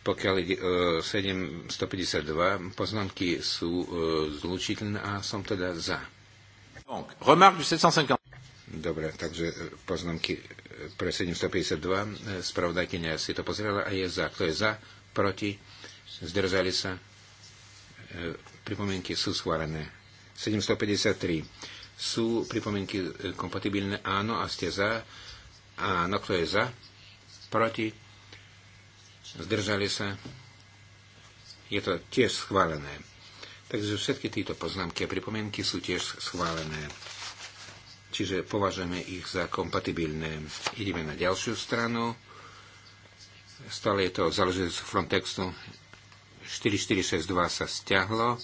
[SPEAKER 1] Pokiaľ ide e, o 752, poznámky sú e, zlučiteľné a som teda za. Dobre, takže e, poznámky pre 752. Spravodajkynia si to pozrela a je za. Kto je za? Proti? Zdržali sa? Pripomienky sú schválené. 753. Sú pripomienky kompatibilné? Áno. A ste za? Áno. Kto je za? Proti? zdržali sa, je to tiež schválené. Takže všetky títo poznámky a pripomienky sú tiež schválené. Čiže považujeme ich za kompatibilné. Ideme na ďalšiu stranu. Stále je to z Frontextu. 4462 sa stiahlo.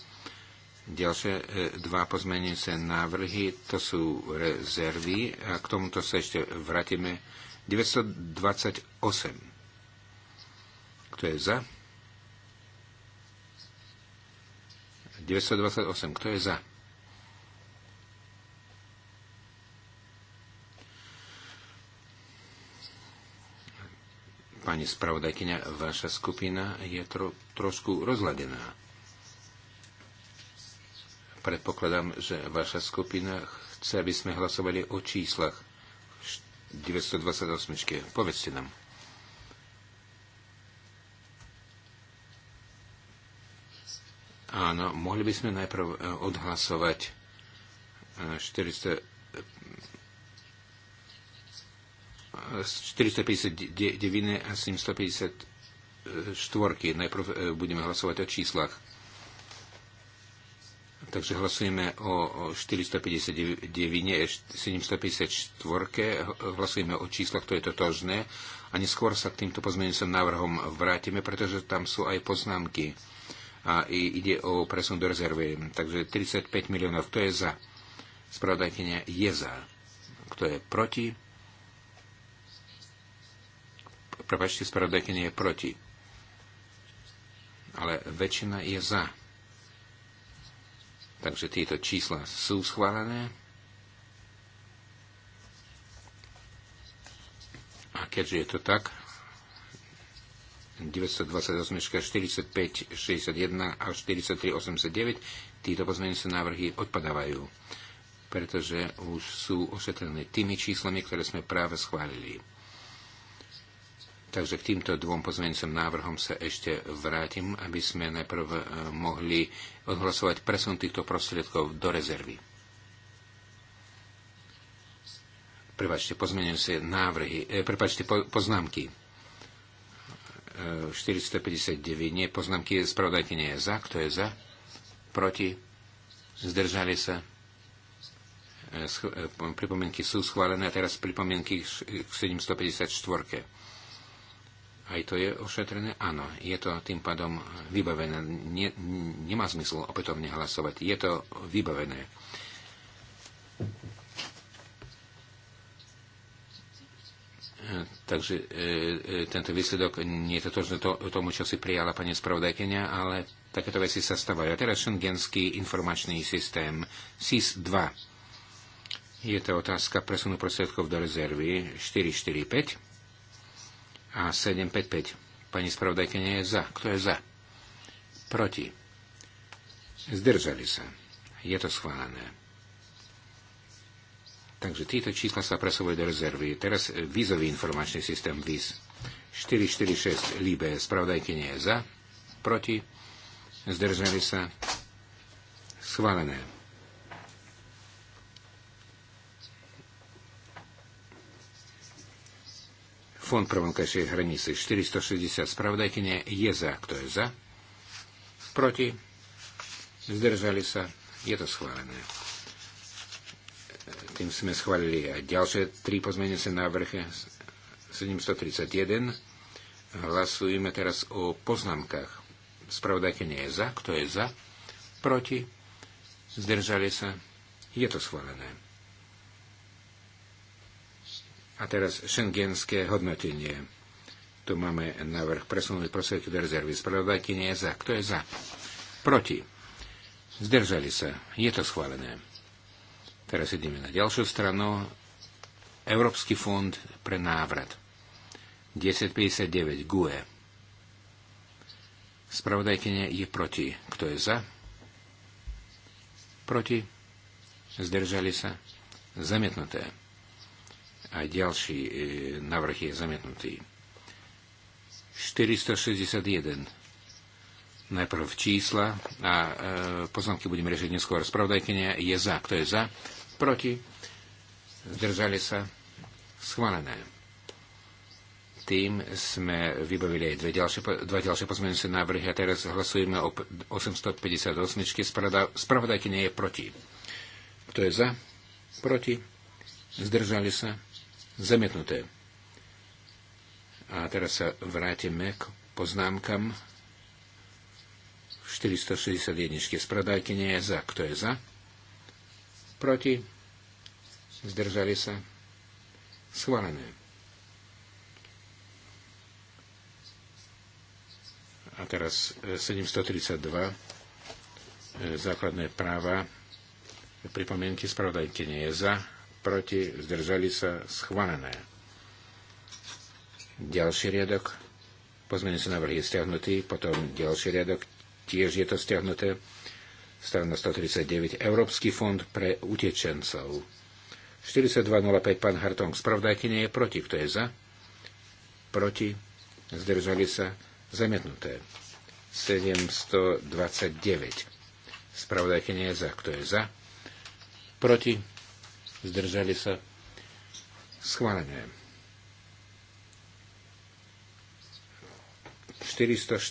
[SPEAKER 1] Ďalšie e, dva pozmenujúce návrhy, to sú rezervy a k tomuto sa ešte vrátime. 928. Kto je za? 928. Kto je za? Pani spravodajkyňa, vaša skupina je tro, trošku rozladená. Predpokladám, že vaša skupina chce, aby sme hlasovali o číslach 928. Povedzte nám. Áno, mohli by sme najprv e, odhlasovať 459 e, e, a 754. Najprv budeme hlasovať o číslach. Takže hlasujeme o 459, a 754, hlasujeme o číslach, to je totožné a neskôr sa k týmto pozmeňujúcim návrhom vrátime, pretože tam sú aj poznámky a ide o presun do rezervy. Takže 35 miliónov. Kto je za? Spravodajkynia je za. Kto je proti? Prepačte, spravodajkynia je proti. Ale väčšina je za. Takže tieto čísla sú schválené. A keďže je to tak, 928, 45, 61 a 43, 89. Títo pozmeňujúce návrhy odpadávajú, pretože už sú ošetrené tými číslami, ktoré sme práve schválili. Takže k týmto dvom pozmeňujúcim návrhom sa ešte vrátim, aby sme najprv eh, mohli odhlasovať presun týchto prostriedkov do rezervy. Prepačte, pozmeňujúce návrhy, eh, prepačte, poznámky. 459. Nie, poznámky spravodajky nie je za. Kto je za? Proti? Zdržali sa? E, e, pripomienky sú schválené. A teraz pripomienky k 754. Aj to je ošetrené? Áno, je to tým pádom vybavené. Nie, nemá zmysl opätovne hlasovať. Je to vybavené. Takže e, e, tento výsledok nie je totožný to, tomu, čo si prijala pani spravodajkenia, ale takéto veci sa stávajú. A teraz šengenský informačný systém SIS-2. Je to otázka presunu prostriedkov do rezervy 445 a 755. Pani spravodajkenia je za. Kto je za? Proti. Zdržali sa. Je to schválené. Takže títo čísla sa presúvajú do rezervy. Teraz e, vízový informačný systém VIS. 446 Líbe, spravodajky nie je za, proti, zdržali sa, schválené. Fond pre vonkajšie hranice 460 spravodajkyne je za. Kto je za? Proti? Zdržali sa? Je to schválené tým sme schválili aj ďalšie tri pozmenujúce návrhy 731. Hlasujeme teraz o poznámkach. Spravodajte nie je za. Kto je za? Proti? Zdržali sa? Je to schválené. A teraz šengenské hodnotenie. Tu máme návrh presunúť prostriedky do rezervy. Spravodajte nie je za. Kto je za? Proti? Zdržali sa. Je to schválené. Teraz ideme na ďalšiu stranu. Európsky fond pre návrat. 1059 GUE. Spravodajkynia je proti. Kto je za? Proti. Zdržali sa. Zamietnuté. A ďalší e, návrh je zamietnutý. 461. Najprv čísla a e, poznámky budeme riešiť neskôr. Spravodajkynia je za. Kto je za? proti, zdržali sa, schválené. Tým sme vybavili aj dve ďalšie, dva ďalšie pozmeňujúce návrhy a teraz hlasujeme o 858. Spravodajky nie je proti. Kto je za? Proti? Zdržali sa? Zamietnuté. A teraz sa vrátime k poznámkam 461. Spravodajky nie je za. Kto je za? proti, zdržali sa, schválené. A teraz 732, e, e, základné práva, pripomienky spravodajky nie je za, proti, zdržali sa, schválené. Ďalší riadok, pozmenený sa návrh je stiahnutý, potom ďalší riadok, tiež je to stiahnuté strana 139, Európsky fond pre utečencov. 42.05, pán Hartong, spravdajte nie je proti, kto je za? Proti, zdržali sa, zamietnuté. 729. Spravodajke nie je za. Kto je za? Proti? Zdržali sa? Schválené. 447.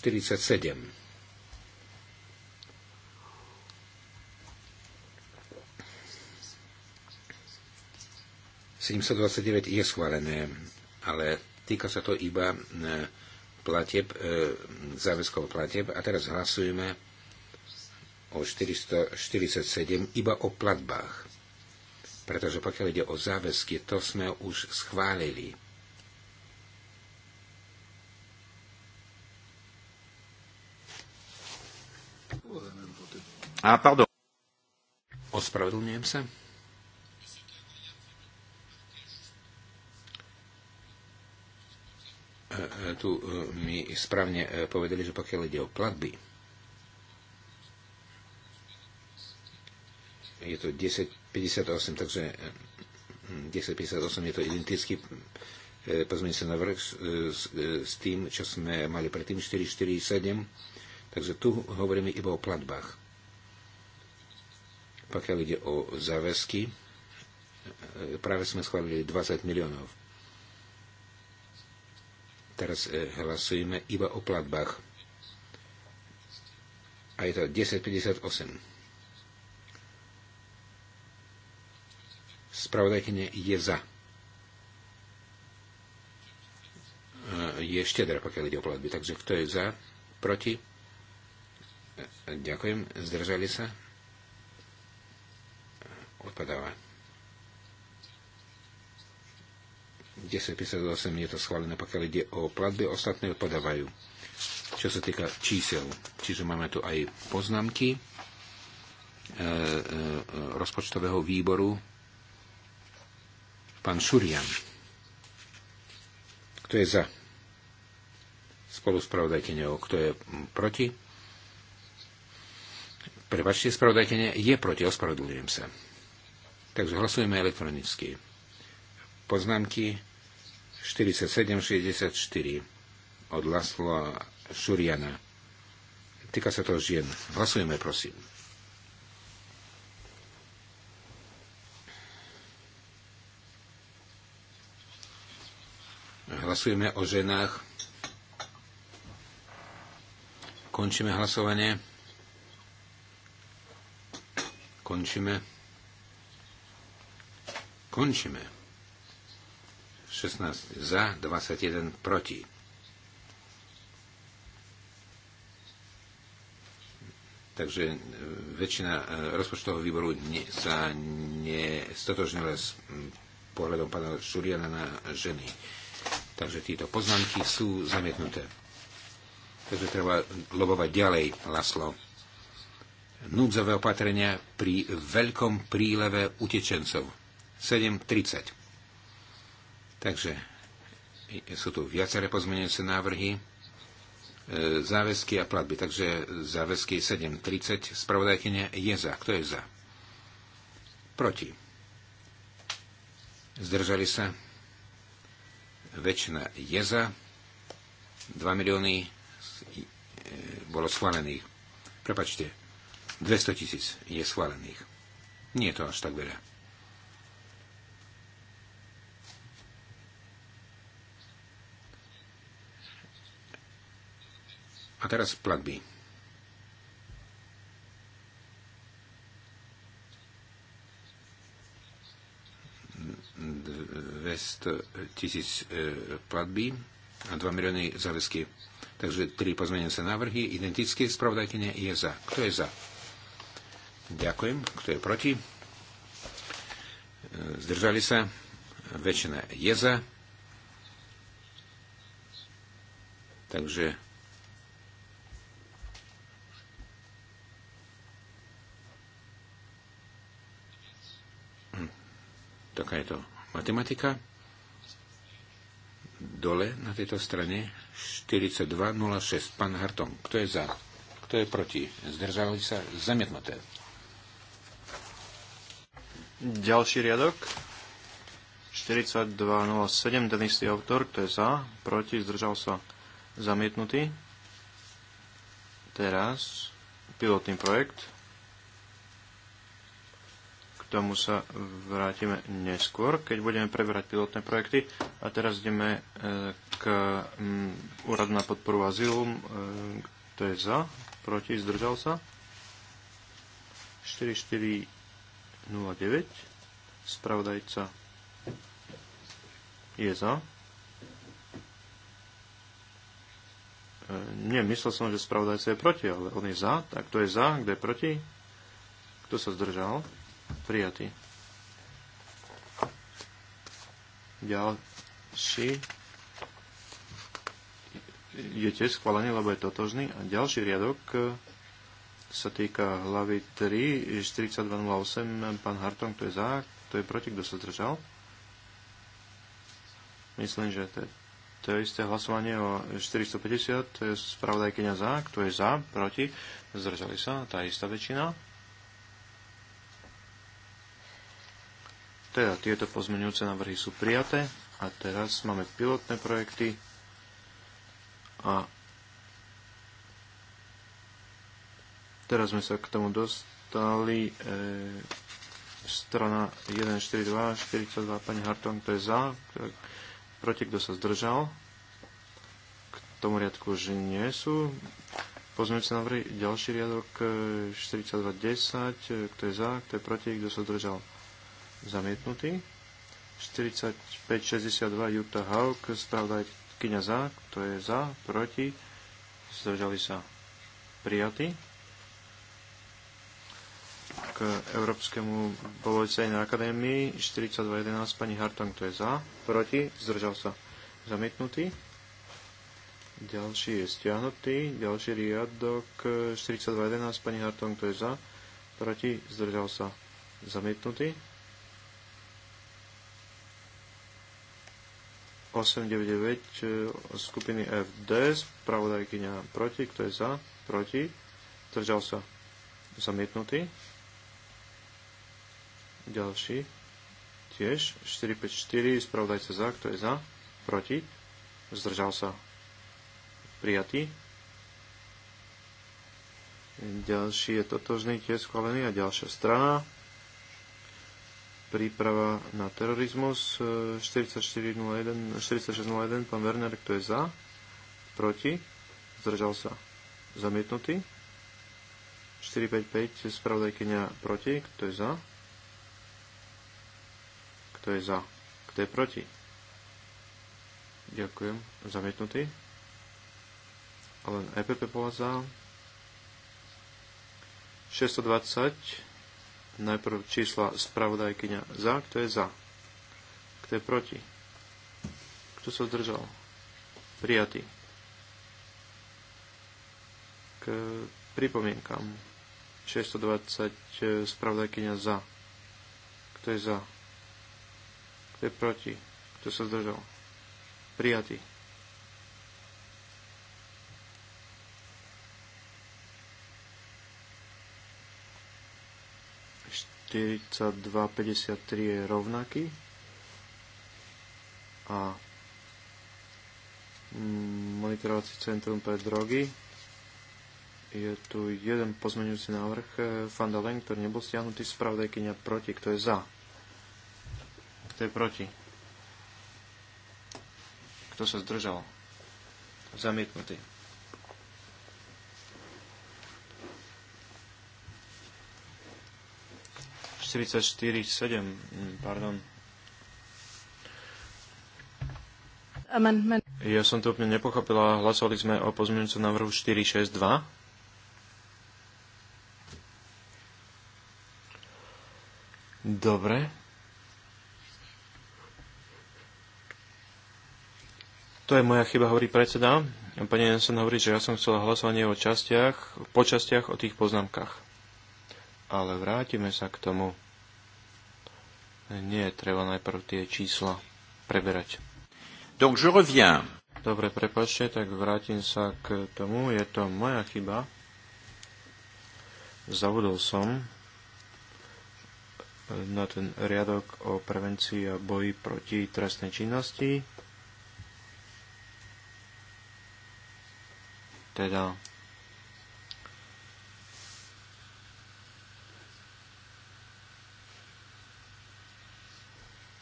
[SPEAKER 1] 729 je schválené, ale týka sa to iba e, platieb, e, záväzkov platieb. A teraz hlasujeme o 447 iba o platbách. Pretože pokiaľ ide o záväzky, to sme už schválili. A, pardon. Ospravedlňujem sa. tu e, mi správne e, povedali, že pokiaľ ide o platby, je to 1058, takže 1058 e, je to identický pozmeňujúci návrh s, s, s tým, čo sme mali predtým 447, takže tu hovoríme iba o platbách. Pokiaľ ide o záväzky, práve sme schválili 20 miliónov Teraz e, hlasujeme iba o platbách. A je to 1058. Spravodajkyne je za. E, je štedra, pokiaľ ide o platby. Takže kto je za? Proti? E, ďakujem. Zdržali sa? Odpadáva. 1058 je to schválené, pokiaľ ide o platby, ostatné podávajú. Čo sa týka čísel, čiže máme tu aj poznámky e, e, e rozpočtového výboru. Pán Šurian. Kto je za? Spolu neho, Kto je proti? Prepačte, ne, je proti, ospravedlňujem sa. Takže hlasujeme elektronicky poznámky 4764 od Lasla Šuriana. Týka sa to žien. Hlasujeme, prosím. Hlasujeme o ženách. Končíme hlasovanie. Končíme. Končíme. 16 za, 21 proti. Takže e, väčšina e, rozpočtového výboru ne, sa nestotožnila s pohľadom pána Šuriana na ženy. Takže títo poznámky sú zamietnuté. Takže treba lobovať ďalej, Laslo. Núdzové opatrenia pri veľkom príleve utečencov. 7.30. Takže sú tu viaceré pozmenujúce návrhy, e, záväzky a platby. Takže záväzky 7.30. Spravodajkynia je za. Kto je za? Proti. Zdržali sa. Väčšina je za. 2 milióny e, bolo schválených. Prepačte, 200 tisíc je schválených. Nie je to až tak veľa. A teraz platby. tisíc e, platby a 2 milióny záväzky. Takže tri pozmeniace návrhy, identické spravodajkyne je za. Kto je za? Ďakujem. Kto je proti? E, zdržali sa. Väčšina je za. Takže Taká je to matematika. Dole na tejto strane 42.06. Pán Hartom, kto je za? Kto je proti? Zdržali sa zamietnuté.
[SPEAKER 3] Ďalší riadok. 42.07. Ten istý autor, kto je za? Proti? Zdržal sa zamietnutý. Teraz pilotný projekt tomu sa vrátime neskôr, keď budeme preberať pilotné projekty. A teraz ideme e, k mm, úradu na podporu azylu. E, kto je za? Proti? Zdržal sa? 4409. Spravodajca je za. E, nie, myslel som, že spravodajca je proti, ale on je za. Tak to je za? Kto je proti? Kto sa zdržal? prijatý. Ďalší je tiež schválený, lebo je totožný. A ďalší riadok e, sa týka hlavy 3, 4208, pán Hartong, kto je za, kto je proti, kto sa zdržal. Myslím, že to je to je isté hlasovanie o 450, to je spravodajkenia za, kto je za, proti, zdržali sa, tá istá väčšina. Teda tieto pozmeňujúce návrhy sú prijaté a teraz máme pilotné projekty a teraz sme sa k tomu dostali e, strana 142, 42, pani Hartong, to je za, proti, kto sa zdržal. K tomu riadku už nie sú. Pozmeňujúce návrhy, ďalší riadok 4210, e, e, kto je za, kto je proti, kto sa zdržal zamietnutý. 45-62 Juta Haug, spravodajkyňa za, kto je za, proti, zdržali sa prijatí. K Európskemu bolovicejnej akadémii 42-11, pani Hartong, kto je za, proti, zdržal sa zamietnutý. Ďalší je stiahnutý, ďalší riadok 11 pani Hartong, kto je za, proti, zdržal sa zamietnutý. 899 e, skupiny FD, spravodajkyňa proti, kto je za, proti, zdržal sa zamietnutý. Ďalší tiež 454, spravodajca za, kto je za, proti, zdržal sa prijatý. Ďalší je totožný, tiež schválený a ďalšia strana príprava na terorizmus 4401, eh, 4601, pán Werner, kto je za, proti, zdržal sa, zamietnutý. 455, spravodajkynia proti, kto je za, kto je za, kto je proti. Ďakujem, zamietnutý. Ale EPP bola za. 620, Najprv čísla spravodajkyňa za, kto je za, kto je proti, kto sa zdržal, prijatý. K pripomienkam 620 spravodajkyňa za, kto je za, kto je proti, kto sa zdržal, prijatý. 4253 je rovnaký a monitorovací centrum pre drogy je tu jeden pozmeňujúci návrh eh, Fandalen, ktorý nebol stiahnutý z pravdajkynia proti. Kto je za? Kto je proti? Kto sa zdržal? Zamietnutý. 44.7, mm, pardon. Ja som to úplne nepochopila. Hlasovali sme o pozmeňujúcom návrhu 462. Dobre. To je moja chyba, hovorí predseda. Pani Jensen hovorí, že ja som chcela hlasovanie o častiach, po častiach o tých poznámkach ale vrátime sa k tomu. Nie, treba najprv tie čísla preberať. Donc je reviens. Dobre, prepačte, tak vrátim sa k tomu. Je to moja chyba. Zavodol som na ten riadok o prevencii a boji proti trestnej činnosti. Teda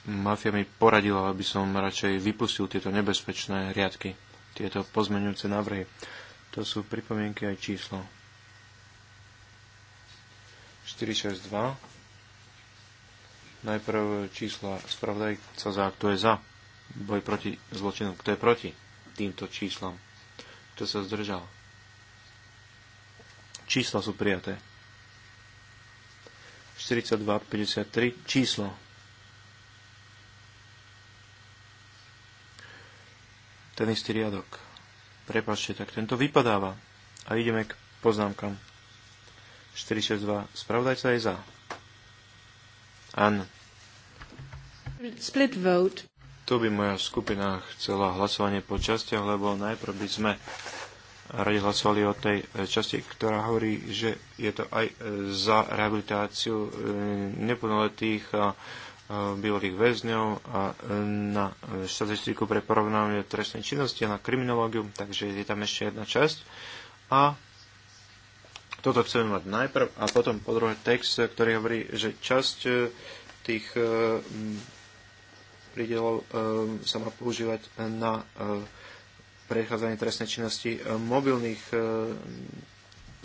[SPEAKER 3] mafia mi poradila, aby som radšej vypustil tieto nebezpečné riadky, tieto pozmeňujúce návrhy. To sú pripomienky aj číslo. 462. Najprv čísla spravodajca za, kto je za. Boj proti zločinu. Kto je proti týmto číslam? Kto sa zdržal? Čísla sú prijaté. 42, 53, číslo ten istý riadok. Prepačte, tak tento vypadáva. A ideme k poznámkam. 462. Spravodajca je za. An.
[SPEAKER 1] Split vote.
[SPEAKER 3] Tu by moja skupina chcela hlasovanie po častiach, lebo najprv by sme radi hlasovali o tej e, časti, ktorá hovorí, že je to aj e, za rehabilitáciu e, neplnoletých a Eh, bývalých väzňov a eh, na štatistiku pre porovnávanie trestnej činnosti a na kriminológiu, takže je tam ešte jedna časť. A toto chceme mať najprv a potom po druhé text, eh, ktorý hovorí, že časť tých prídelov sa má používať na prechádzanie trestnej činnosti mobilných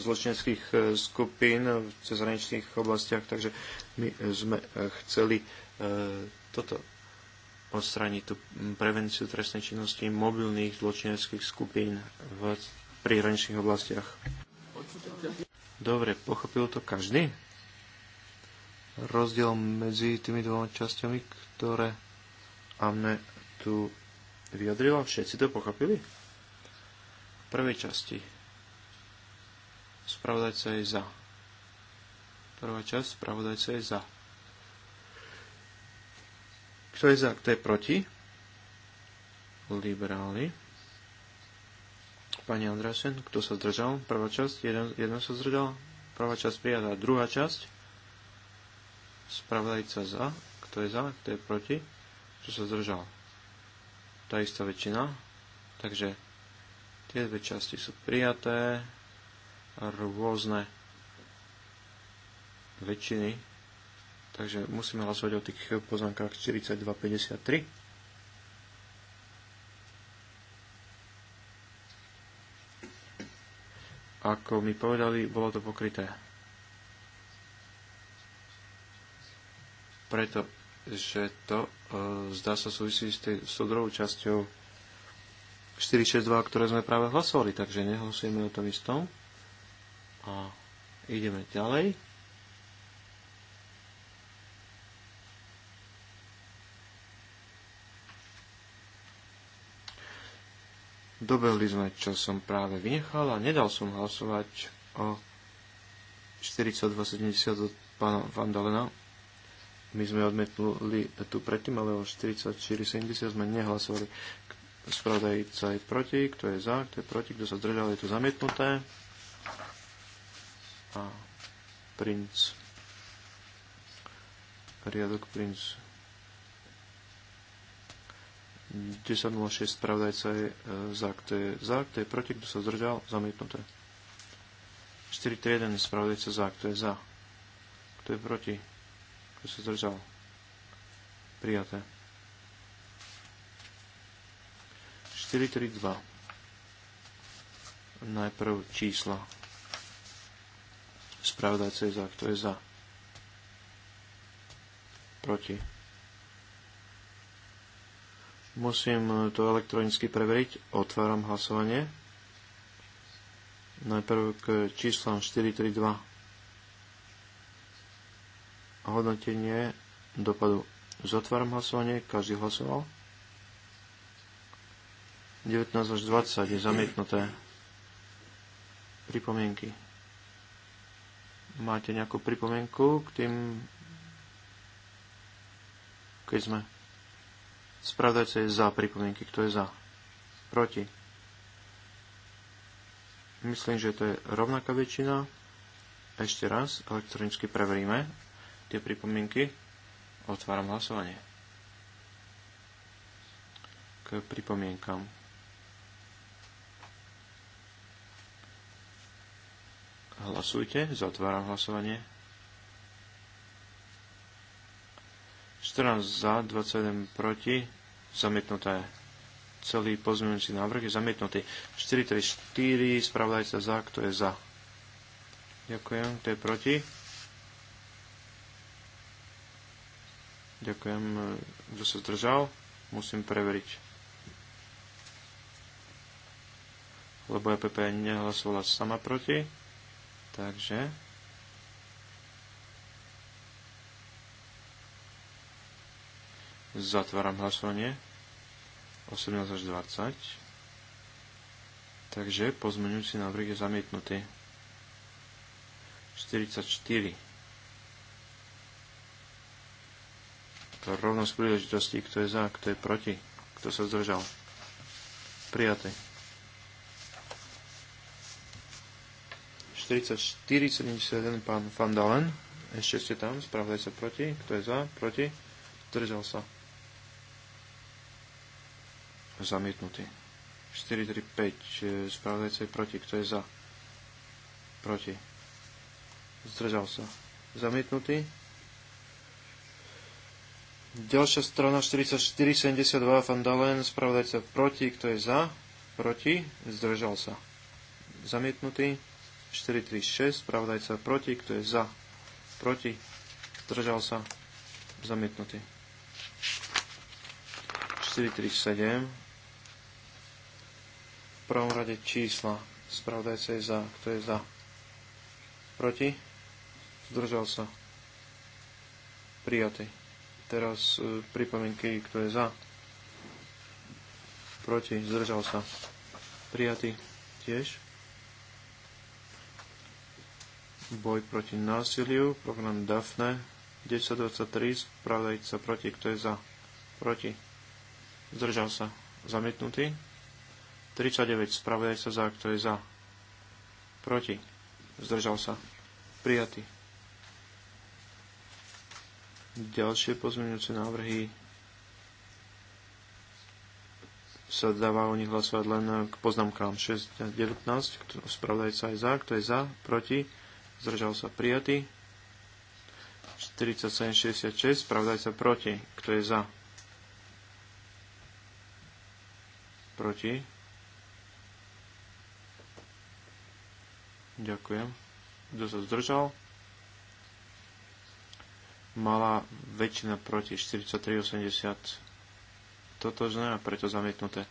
[SPEAKER 3] zločineckých skupín v cezhraničných oblastiach, takže my sme chceli E, toto odstrániť tú prevenciu trestnej činnosti mobilných zločineckých skupín v príhraničných oblastiach. Dobre, pochopil to každý? Rozdiel medzi tými dvoma časťami, ktoré Amne tu vyjadrila, všetci to pochopili? V prvej časti spravodajca je za. Prvá časť spravodajca je za kto je za, kto je proti? Liberáli. Pani Andrasen, kto sa zdržal? Prvá časť, jeden, jeden sa zdržal. Prvá časť prijatá. Druhá časť. Spravdajca za. Kto je za, kto je proti? Kto sa zdržal? Tá istá väčšina. Takže tie dve časti sú prijaté. Rôzne väčšiny Takže musíme hlasovať o tých poznámkach 4253. Ako mi povedali, bolo to pokryté. Preto, že to e, zdá sa súvisí s, tý, tou druhou časťou 462, ktoré sme práve hlasovali, takže nehlasujeme o tom istom. A ideme ďalej. dobehli sme, čo som práve vynechal a nedal som hlasovať o 4270 od pána Vandalena. My sme odmetnuli tu predtým, ale o 4470 sme nehlasovali. Spravodajca je proti, kto je za, kto je proti, kto sa zdržal, je tu zamietnuté. A princ. Riadok princ 10.06 spravodajca je e, za, kto je za, kto je proti, kto sa zdržal, zamietnuté. 4.3.1 spravodajca za, kto je za, kto je proti, kto sa zdržal, prijaté. 4.3.2 Najprv čísla. Spravodajca je za, kto je za, proti Musím eh, to elektronicky preveriť. Otváram hlasovanie. Najprv k číslam 432. Hodnotenie dopadu. Zotváram hlasovanie. Každý hlasoval. 19 až 20 je zamietnuté. Pripomienky. Máte nejakú pripomienku k tým, keď sme Spravdajte za pripomienky. Kto je za? Proti. Myslím, že to je rovnaká väčšina. Ešte raz elektronicky preveríme tie pripomienky. Otváram hlasovanie. K pripomienkam. Hlasujte. Zatváram hlasovanie. 14 za, 27 proti zamietnuté. Celý pozmeňujúci návrh je zamietnutý. spravdaj sa za, kto je za. Ďakujem, kto je proti. Ďakujem, kto sa zdržal. Musím preveriť. Lebo EPP nehlasovala sama proti. Takže... Zatváram hlasovanie. 18 až 20. Takže pozmeňujúci návrh je zamietnutý. 44. To rovnosť príležitosti, kto je za, kto je proti, kto sa zdržal. Prijatý. 44, 71, pán Van Dalen. Ešte ste tam, spravdaj sa proti, kto je za, proti, zdržal sa zamietnutý. 5, e, spravodajca je proti. Kto je za? Proti. Zdržal sa. Zamietnutý. Ďalšia strana 4472 Van Dalen, spravodajca proti. Kto je za? Proti. Zdržal sa. Zamietnutý. 6, spravodajca proti. Kto je za? Proti. Zdržal sa. Zamietnutý. 7, prvom rade čísla. Spravodajca je za. Kto je za? Proti? Zdržal sa. Prijatý. Teraz e, pripomienky, kto je za. Proti? Zdržal sa. Prijatý. Tiež. Boj proti násiliu. Program DAFNE. 1023. Spravodajca proti. Kto je za? Proti. Zdržal sa. Zamietnutý. 39. Spravodaj sa za. Kto je za? Proti. Zdržal sa. Prijatý. Ďalšie pozmeňujúce návrhy sa dáva o nich hlasovať len k poznámkám 6 a 19. Spravodajca je za. Kto je za? Proti. Zdržal sa. Prijatý. 47,66, sa proti. Kto je za? Proti. Ďakujem. Kto sa zdržal? Mala väčšina proti 43,80. Toto znamená preto zamietnuté.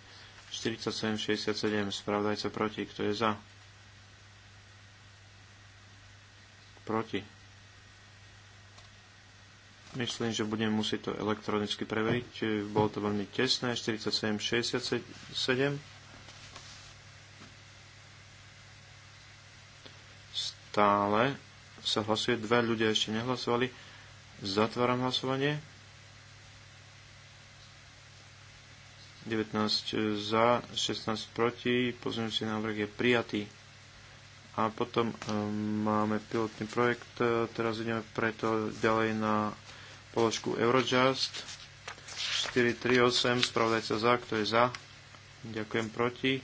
[SPEAKER 3] 47,67. Spravdajca proti. Kto je za? Proti. Myslím, že budem musieť to elektronicky preveriť. Bolo to veľmi tesné. 47,67. stále sa hlasuje. Dva ľudia ešte nehlasovali. Zatváram hlasovanie. 19 za, 16 proti. Pozmeňujúci návrh je prijatý. A potom e, máme pilotný projekt. E, teraz ideme preto ďalej na položku Eurojust. 438, spravodajca za, kto je za. Ďakujem proti.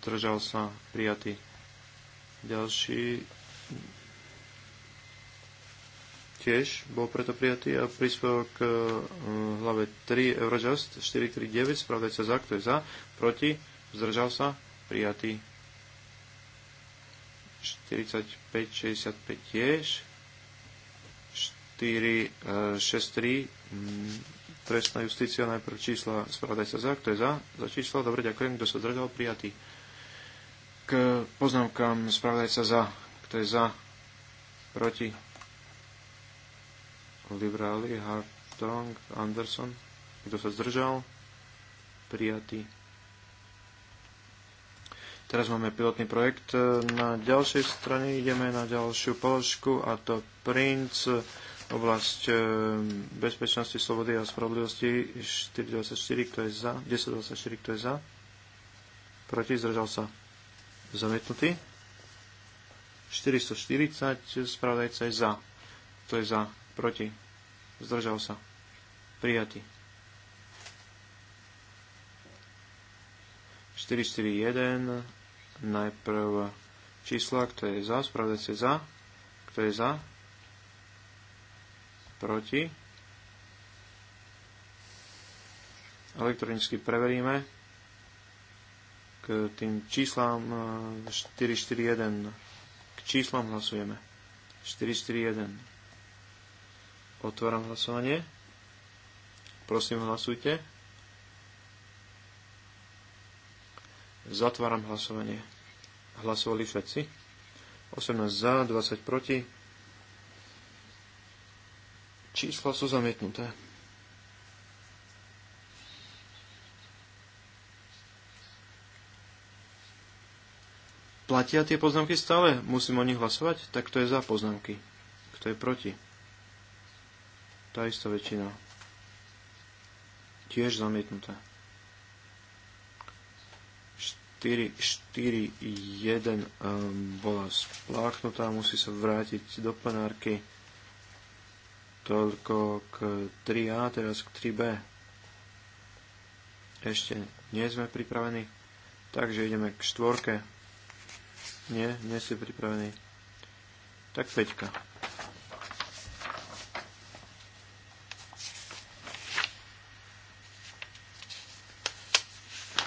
[SPEAKER 3] Zdržal sa prijatý. Ďalší tiež bol preto prijatý a príspevok k e, hlave 3 Eurojust 439, sa za, kto je za, proti, zdržal sa, prijatý 45-65 tiež 463 e, mm, trestná justícia najprv čísla sa za, kto je za, za čísla, dobre, ďakujem, kto sa zdržal, prijatý k poznámkám spravodajca za. Kto je za? Proti? Liberáli, Hartong, Anderson. Kto sa zdržal? Prijatý. Teraz máme pilotný projekt. Na ďalšej strane ideme na ďalšiu položku a to Prince oblasť e, bezpečnosti, slobody a spravodlivosti 424, kto je za, 1024, kto je za, proti, zdržal sa zamietnutý. 440, spravodajca je za. To je za, proti. Zdržal sa. Prijatý. 441, najprv čísla, kto je za, spravodajca je za. Kto je za? Proti. Elektronicky preveríme k tým číslám 441. E, k číslom hlasujeme. 441. Otváram hlasovanie. Prosím, hlasujte. Zatváram hlasovanie. Hlasovali všetci. 18 za, 20 proti. Čísla sú zamietnuté. Platia tie poznámky stále? Musím o nich hlasovať? Tak to je za poznámky. Kto je proti? Tá istá väčšina. Tiež zamietnutá. 4, 4, 1 um, bola spláchnutá, musí sa vrátiť do plenárky. Toľko k 3A, teraz k 3B. Ešte nie sme pripravení, takže ideme k štvorke. Nie, nie si pripravený. Tak Peťka.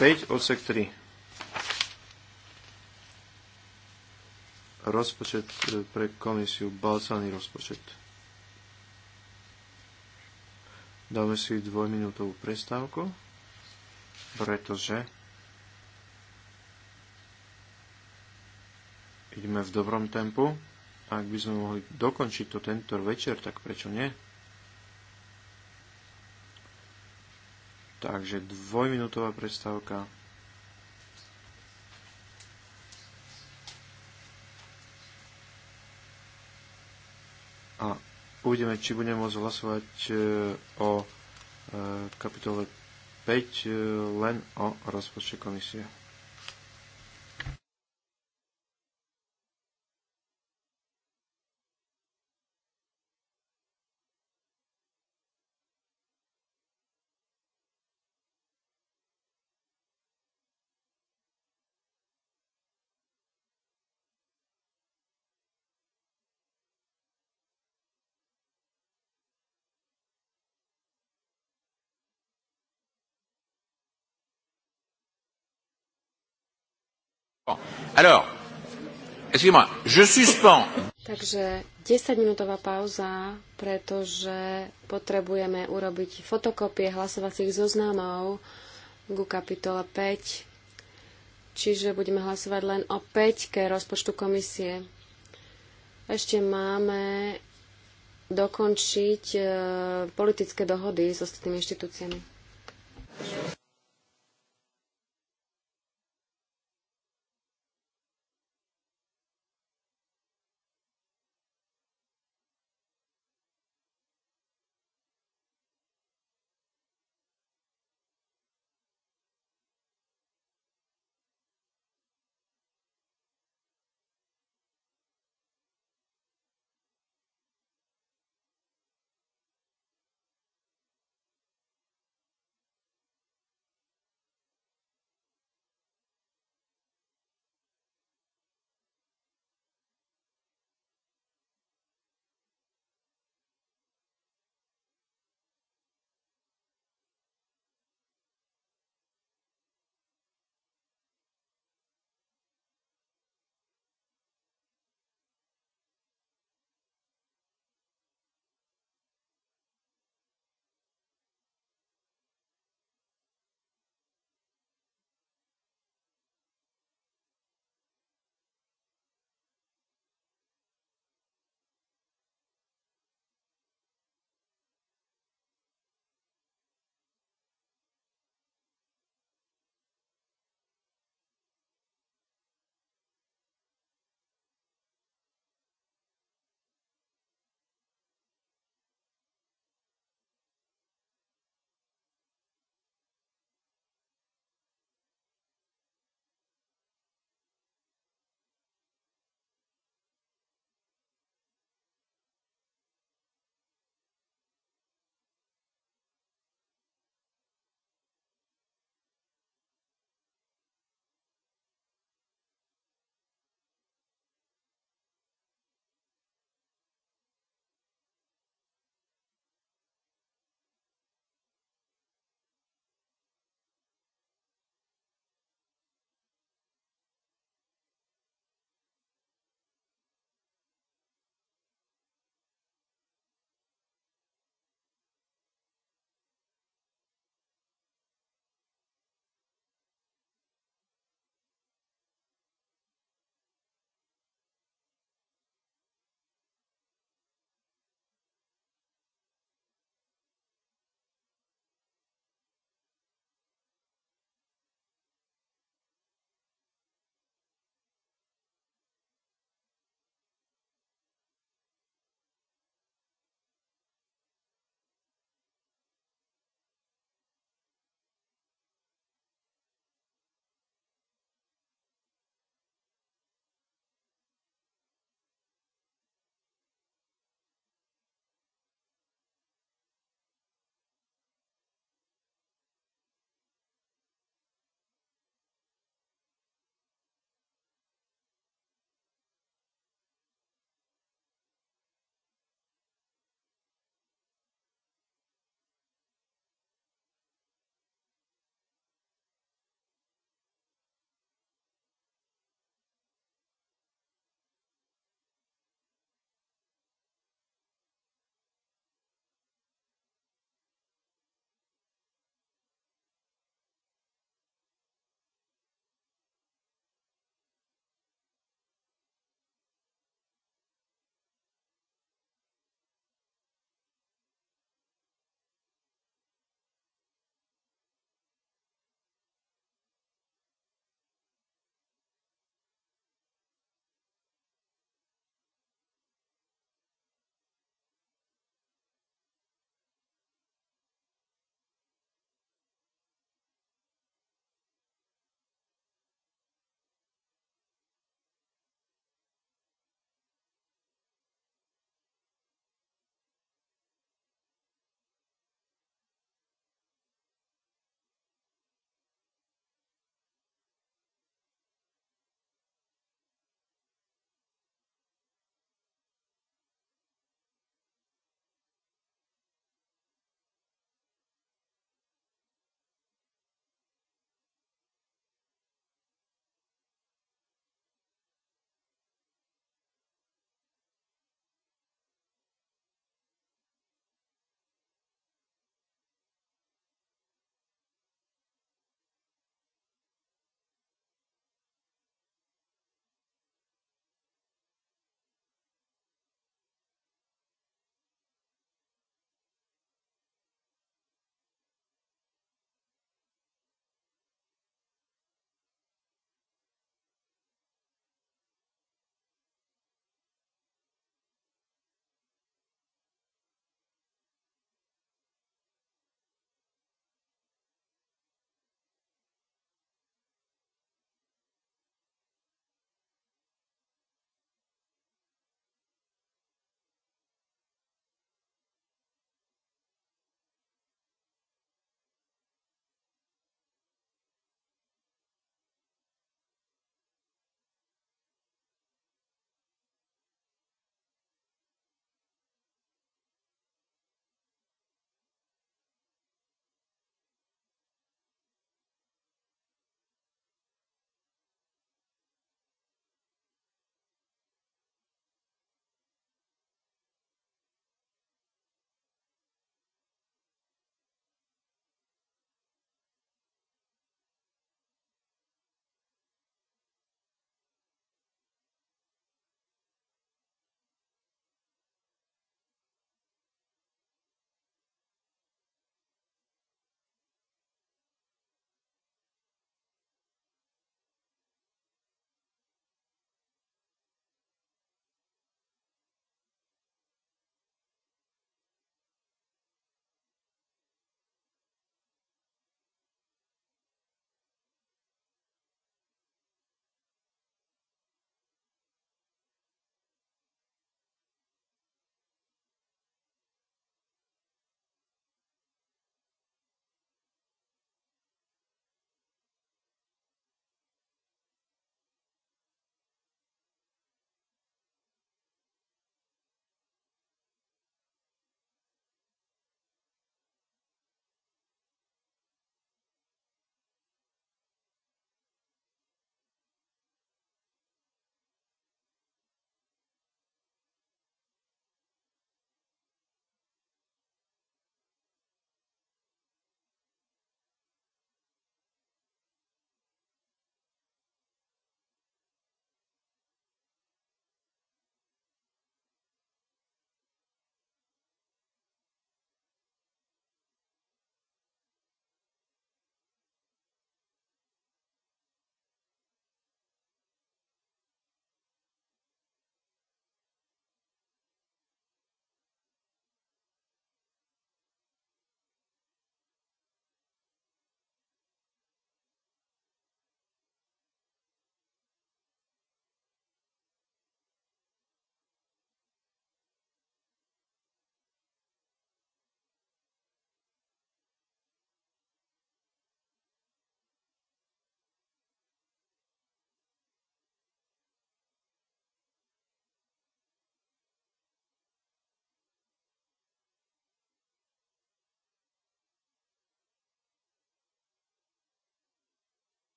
[SPEAKER 3] Peť odsek 3. Rozpočet e, pre komisiu, balcaný rozpočet. Dáme si dvojminútovú prestávku, pretože ideme v dobrom tempu. Ak by sme mohli dokončiť to tento večer, tak prečo nie? Takže dvojminútová prestávka. A uvidíme, či budeme môcť hlasovať e, o e, kapitole 5 e, len o rozpočte komisie.
[SPEAKER 1] Alors, excusez-moi, je suspends.
[SPEAKER 2] Takže 10-minútová pauza, pretože potrebujeme urobiť fotokopie hlasovacích zoznamov ku kapitole 5. Čiže budeme hlasovať len o 5 rozpočtu komisie. Ešte máme dokončiť e, politické dohody s ostatnými inštitúciami.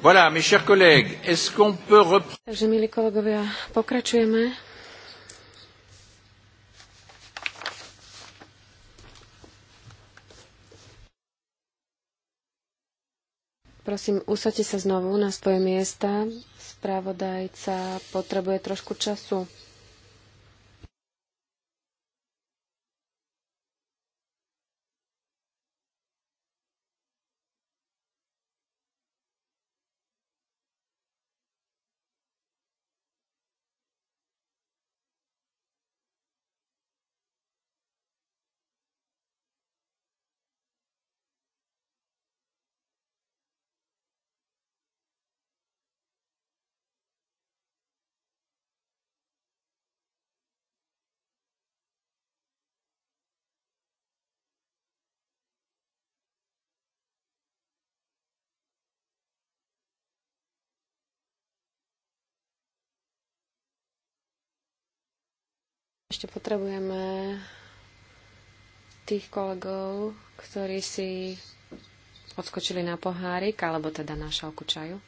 [SPEAKER 1] Voilà, mes chers collègues, est-ce qu'on peut reprendre...
[SPEAKER 2] Takže, milí kolegovia, pokračujeme. Prosím, usadte sa znovu na svoje miesta. Správodajca potrebuje trošku času. ešte potrebujeme tých kolegov, ktorí si odskočili na pohárik, alebo teda na šalku čaju.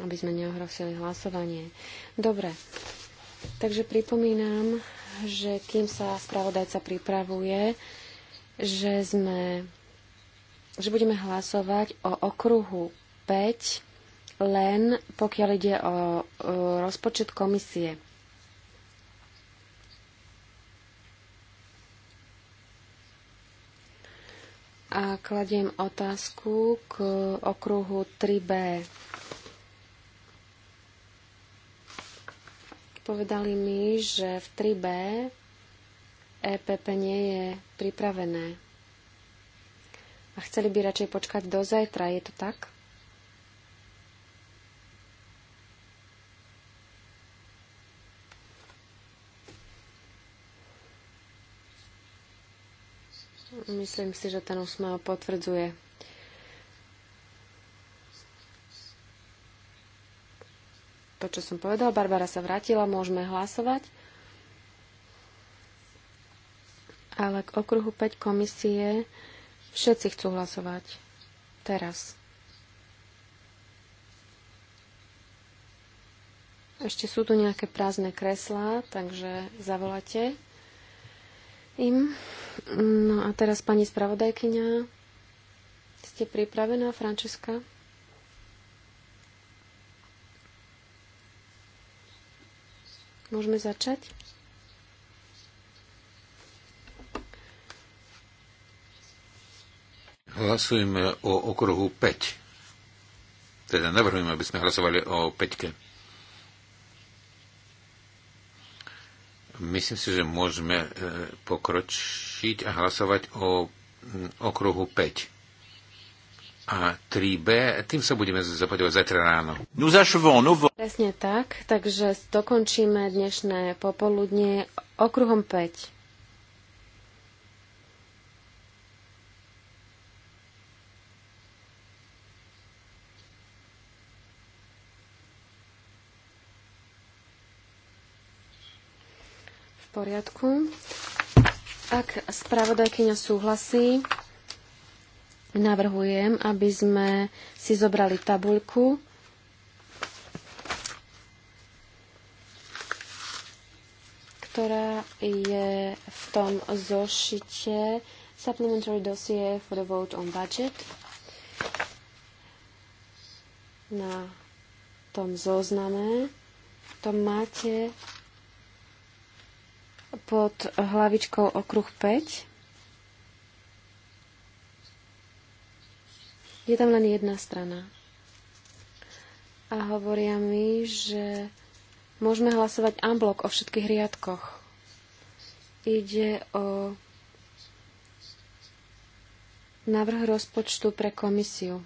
[SPEAKER 2] Aby sme neohrosili hlasovanie. Dobre, takže pripomínam, že kým sa spravodajca pripravuje, že sme že budeme hlasovať o okruhu 5 len pokiaľ ide o rozpočet komisie. A kladiem otázku k okruhu 3B. Povedali mi, že v 3B EPP nie je pripravené. A chceli by radšej počkať do zajtra, je to tak? Myslím si, že ten úsmev potvrdzuje to, čo som povedal. Barbara sa vrátila, môžeme hlasovať. Ale k okruhu 5 komisie všetci chcú hlasovať. Teraz. Ešte sú tu nejaké prázdne kreslá, takže zavolate im. No a teraz pani spravodajkyňa. Ste pripravená, Frančeska? Môžeme začať?
[SPEAKER 1] Hlasujeme o okruhu 5. Teda navrhujeme, aby sme hlasovali o 5. Myslím si, že môžeme e, pokročiť a hlasovať o okruhu 5 a 3B. Tým sa budeme zapadovať zajtra ráno.
[SPEAKER 2] Presne tak, takže dokončíme dnešné popoludne okruhom 5. poriadku. Ak spravodajkyňa súhlasí, navrhujem, aby sme si zobrali tabuľku ktorá je v tom zošite Supplementary Dossier for the Vote on Budget. Na tom zozname. To máte pod hlavičkou okruh 5. Je tam len jedna strana. A hovoria mi, že môžeme hlasovať unblock o všetkých riadkoch. Ide o návrh rozpočtu pre komisiu.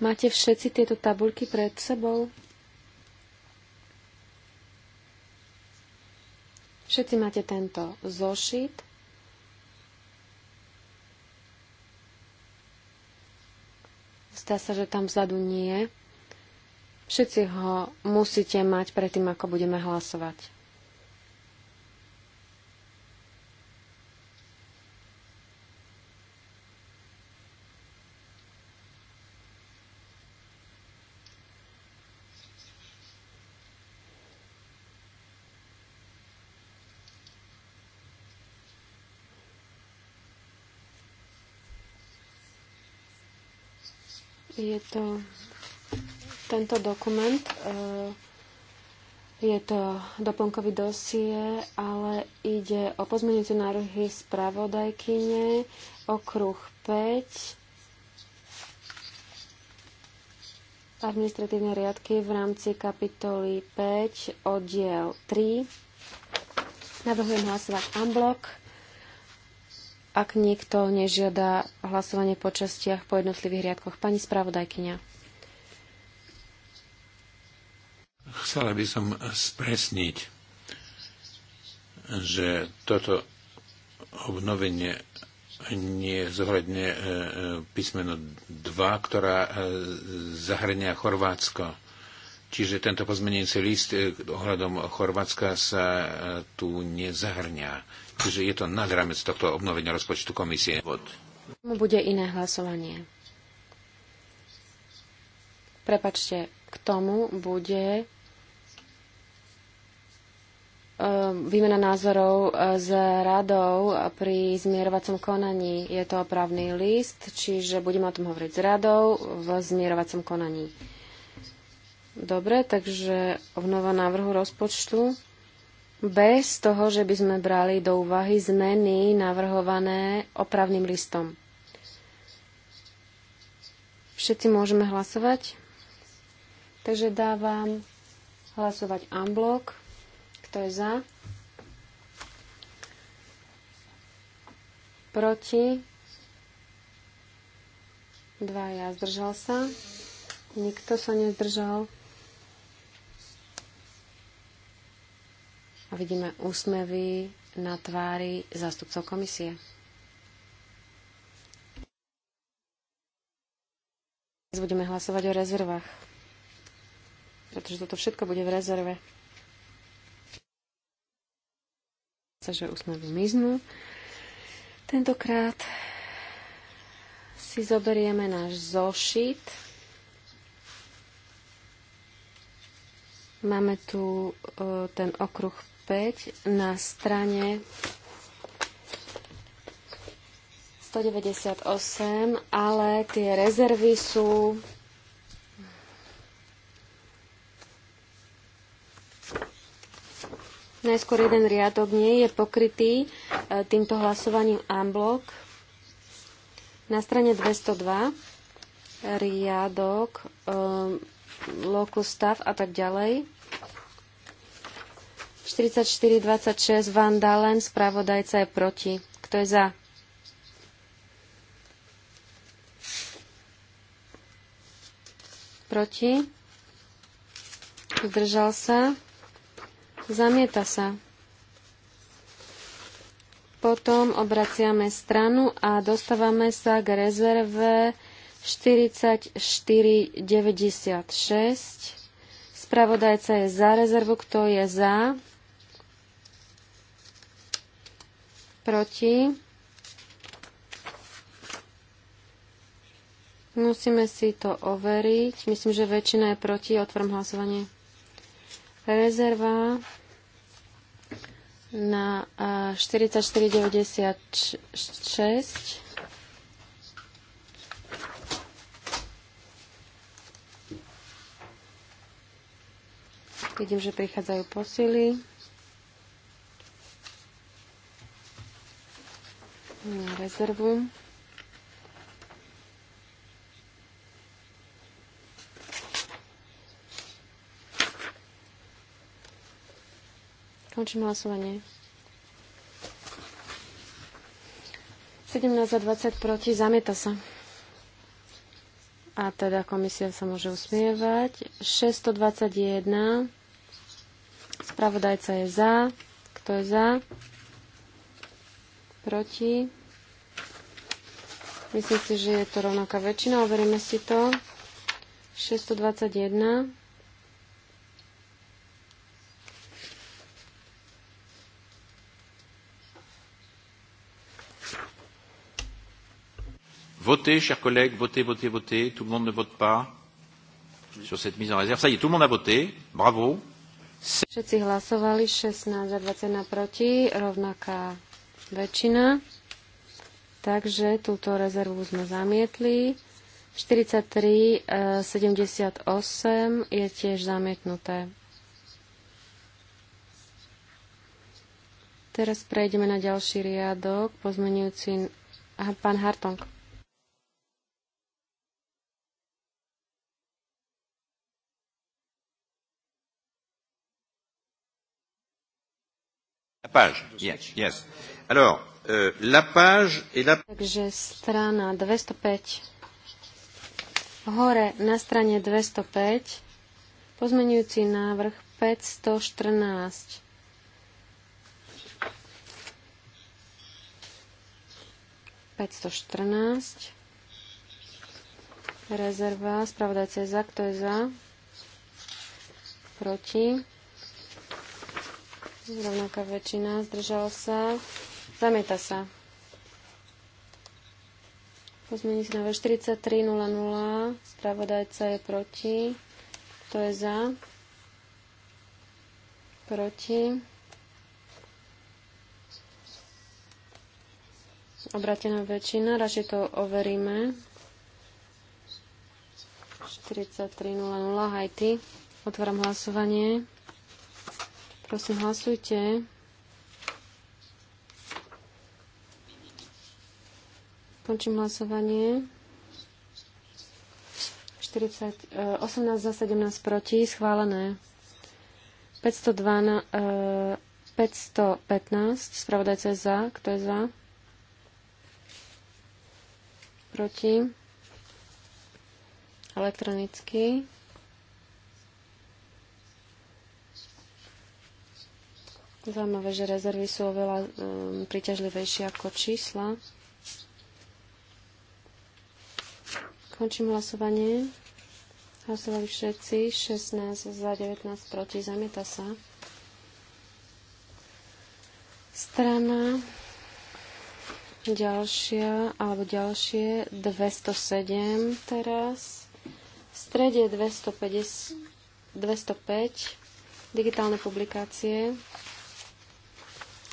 [SPEAKER 2] Máte všetci tieto tabulky pred sebou? Všetci máte tento zošit. Zdá sa, že tam vzadu nie. Všetci ho musíte mať predtým, ako budeme hlasovať. Je to tento dokument. E, je to doplnkový dosie, ale ide o pozmenujúce z spravodajkyne, okruh 5, administratívne riadky v rámci kapitoly 5, oddiel 3. Navrhujem hlasovať unblock ak nikto nežiada hlasovanie po častiach po jednotlivých riadkoch. Pani spravodajkyňa.
[SPEAKER 1] Chcela by som spresniť, že toto obnovenie nie zohľadne e, e, písmeno 2, ktorá e, zahrania Chorvátsko Čiže tento pozmenujúci list eh, ohľadom Chorvátska sa eh, tu nezahrňa. Čiže je to nad rámec tohto obnovenia rozpočtu komisie. Komu
[SPEAKER 2] Bude iné hlasovanie. Prepačte, k tomu bude eh, výmena názorov s radou pri zmierovacom konaní. Je to opravný list, čiže budeme o tom hovoriť s radou v zmierovacom konaní. Dobre, takže obnova návrhu rozpočtu bez toho, že by sme brali do úvahy zmeny navrhované opravným listom. Všetci môžeme hlasovať. Takže dávam hlasovať unblock. Kto je za? Proti? Dva ja zdržal sa. Nikto sa nezdržal. a vidíme úsmevy na tvári zástupcov komisie. Dnes budeme hlasovať o rezervách, pretože toto všetko bude v rezerve. že úsmevy miznú. Tentokrát si zoberieme náš zošit. Máme tu e, ten okruh 5 na strane 198, ale tie rezervy sú Najskôr jeden riadok nie je pokrytý e, týmto hlasovaním unblock. Na strane 202 riadok, um, e, stav a tak ďalej. 4426 Van Dalen, spravodajca je proti. Kto je za? Proti? Zdržal sa? Zamieta sa. Potom obraciame stranu a dostávame sa k rezerve 4496. Spravodajca je za rezervu, kto je za? proti. Musíme si to overiť. Myslím, že väčšina je proti. Otvorím hlasovanie. Rezerva na 44,96. Vidím, že prichádzajú posily. na rezervu. Končím hlasovanie. 17 za 20 proti, zamieta sa. A teda komisia sa môže usmievať. 621. Spravodajca je za. Kto je za? proti. Myslím si, že je to rovnaká väčšina, overíme si to. 621.
[SPEAKER 1] Votez, chers collègues, votez, votez, votez. Tout le monde ne vote pas sur cette mise en réserve. Ça y est, tout le monde a voté. Bravo.
[SPEAKER 2] Všetci hlasovali 16 a 21 proti, rovnaká väčšina. Takže túto rezervu sme zamietli. 43, 78 eh, je tiež zamietnuté. Teraz prejdeme na ďalší riadok, pozmenujúci pán Hartong.
[SPEAKER 1] Page. Yes, yes. Euh,
[SPEAKER 2] Takže strana 205. Hore na strane 205 pozmenujúci návrh 514. Päťsto štrnásť. Rezerva. spravodajce je za. Kto je za? Proti. Rovnaká väčšina. Zdržal sa. Zamieta sa. Pozmeniť na 43.00. Spravodajca je proti. Kto je za? Proti. Obratená väčšina. Radšej to overíme. 43.00 Hajty. Otváram hlasovanie. Prosím, hlasujte. Končím hlasovanie. 40, 18 e, za 17 proti, schválené. 512, 515, e, spravodajca je za, kto je za? Proti. Elektronicky. Zaujímavé, že rezervy sú oveľa um, príťažlivejšie ako čísla. Končím hlasovanie. Hlasovali všetci. 16 za 19 proti. Zamieta sa. Strana ďalšia, alebo ďalšie 207 teraz. V strede 205 digitálne publikácie.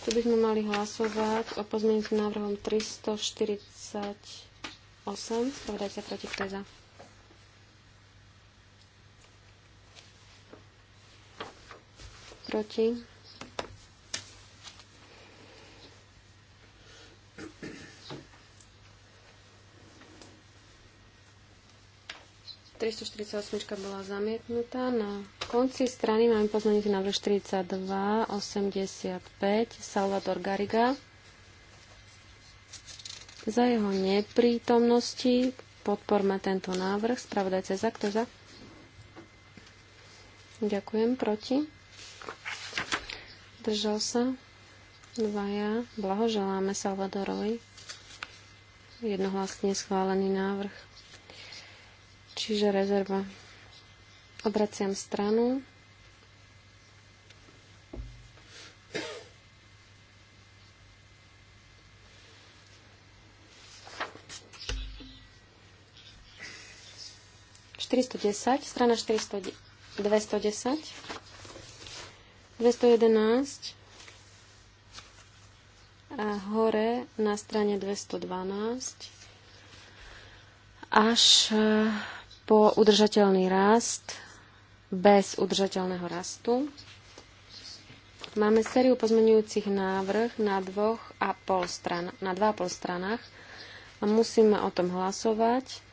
[SPEAKER 2] Tu by sme mali hlasovať o pozmeňujúcim návrhom 340 8, proti, sa proti kteza. Proti. osmička bola zamietnutá. Na konci strany máme poznanie návrh 42, 85, Salvador Gariga za jeho neprítomnosti. Podporme tento návrh. Spravodajce za. Kto za? Ďakujem. Proti? Držal sa. Dvaja. Blahoželáme Salvadorovi. Jednohlasne schválený návrh. Čiže rezerva. Obraciam stranu. 410, strana 400, 210, 211 a hore na strane 212 až e, po udržateľný rast bez udržateľného rastu. Máme sériu pozmenujúcich návrh na dvoch a pol stran, na dva a pol stranách a musíme o tom hlasovať.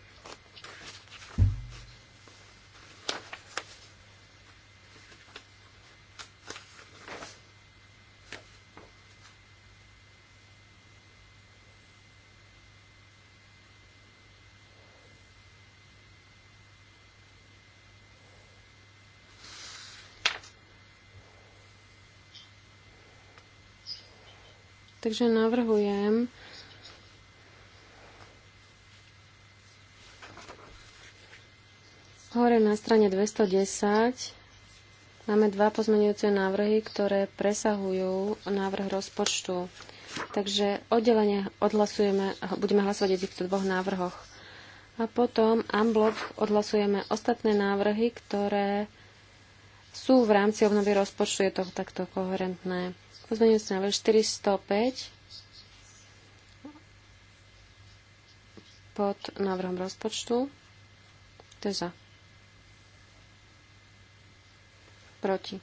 [SPEAKER 2] Takže navrhujem, hore na strane 210 máme dva pozmenujúce návrhy, ktoré presahujú návrh rozpočtu. Takže oddelenie odhlasujeme, budeme hlasovať o týchto dvoch návrhoch. A potom unblock odhlasujeme ostatné návrhy, ktoré sú v rámci obnovy rozpočtu, je to takto koherentné. Pozmeňujúci návrh 405 pod návrhom rozpočtu. To je za. Proti.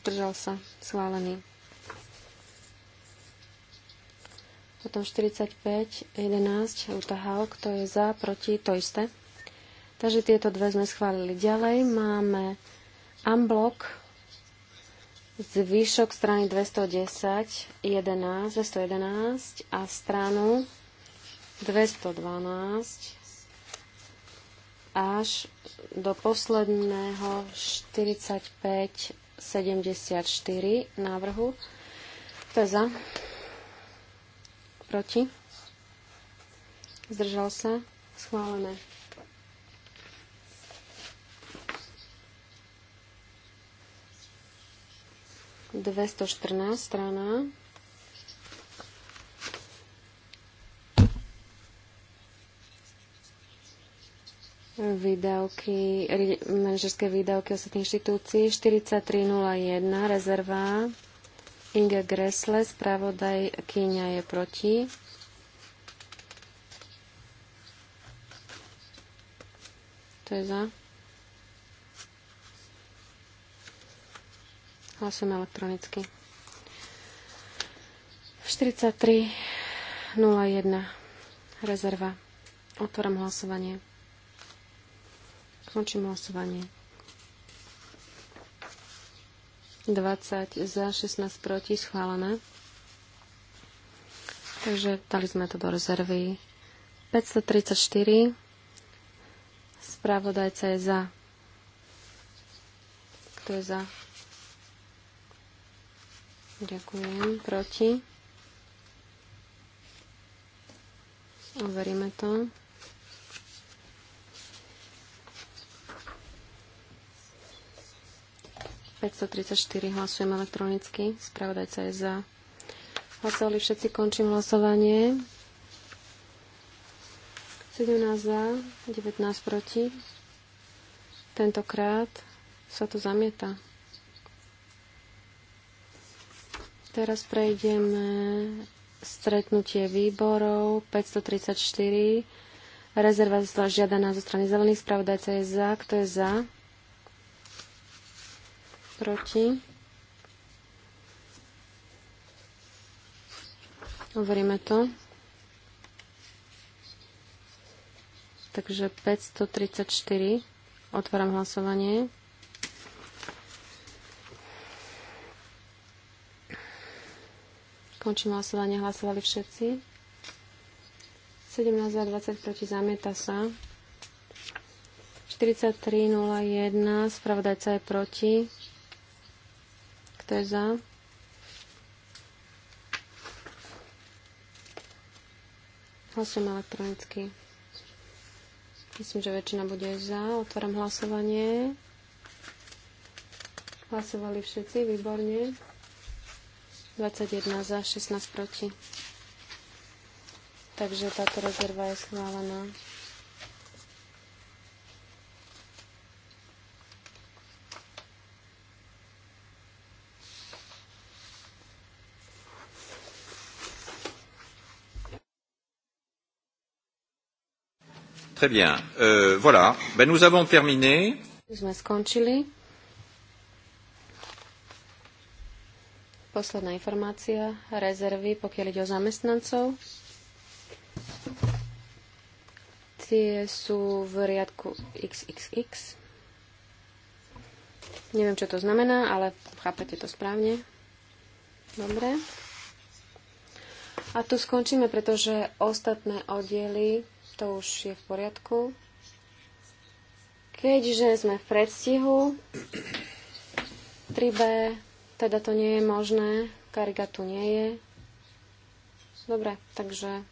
[SPEAKER 2] Držal sa. Schválený. Potom 45, 11, Utahal, kto je za, proti, to isté. Takže tieto dve sme schválili. Ďalej máme unblock zvyšok strany 210, 11, 211 a stranu 212 až do posledného 45 74 návrhu. Kto je za? Proti? Zdržal sa? Schválené. 214 strana. Výdavky, manažerské výdavky ostatných inštitúcií 4301 rezerva Inge Gressle, spravodaj Kíňa je proti. To je za. Hlasujeme elektronicky. 43.01. Rezerva. Otváram hlasovanie. Končím hlasovanie. 20 za, 16 proti, schválené. Takže dali sme to do rezervy. 534. Spravodajca je za. Kto je za? Ďakujem. Proti? Overíme to. ...534 hlasujem elektronicky. Spravodajca je za. Hlasovali všetci. Končím hlasovanie. 17 za, 19 proti. Tentokrát sa to zamieta. Teraz prejdeme stretnutie výborov 534. Rezerva žiadaná zo strany zelených spravodajca je za. Kto je za? Proti? Overíme to. Takže 534. Otváram hlasovanie. Končím hlasovanie. Hlasovali všetci. 17 za 20 proti zamieta sa. 43.01. Spravodajca je proti. Kto je za? Hlasujem elektronicky. Myslím, že väčšina bude za. Otváram hlasovanie. Hlasovali všetci, výborne. 21 za, 16 proti. Takže táto rezerva je schválená.
[SPEAKER 1] Très bien. Euh, voilà. Ben, nous avons terminé.
[SPEAKER 2] Nous avons terminé. Posledná informácia, rezervy, pokiaľ ide o zamestnancov. Tie sú v riadku XXX. Neviem, čo to znamená, ale chápete to správne. Dobre. A tu skončíme, pretože ostatné oddiely, to už je v poriadku. Keďže sme v predstihu, 3B, teda to nie je možné. Kariga tu nie je. Dobre, takže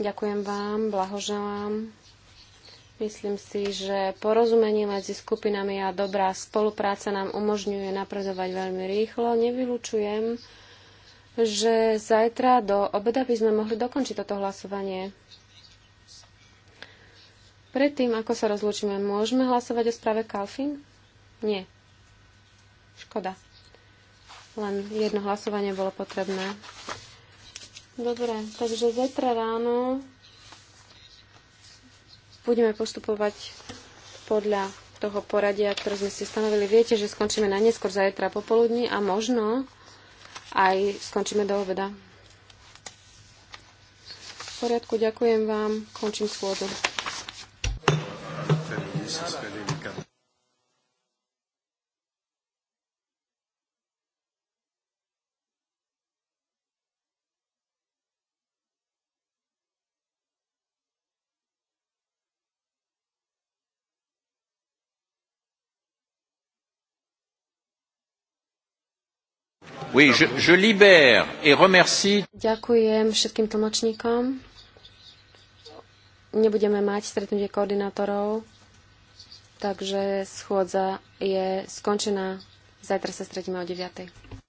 [SPEAKER 2] ďakujem vám, blahoželám. Myslím si, že porozumenie medzi skupinami a dobrá spolupráca nám umožňuje napredovať veľmi rýchlo. Nevylučujem, že zajtra do obeda by sme mohli dokončiť toto hlasovanie. Predtým, ako sa rozlúčime, môžeme hlasovať o správe Kalfin? Nie. Škoda. Len jedno hlasovanie bolo potrebné. Dobre, takže zetra ráno budeme postupovať podľa toho poradia, ktoré sme si stanovili. Viete, že skončíme na neskôr zajtra popoludní a možno aj skončíme do obeda. V poriadku, ďakujem vám. Končím schôdzu.
[SPEAKER 1] Oui, je, je libère et remercie.
[SPEAKER 2] Ďakujem všetkým tlmočníkom. Nebudeme mať stretnutie koordinátorov, takže schôdza je skončená. Zajtra sa stretíme o 9.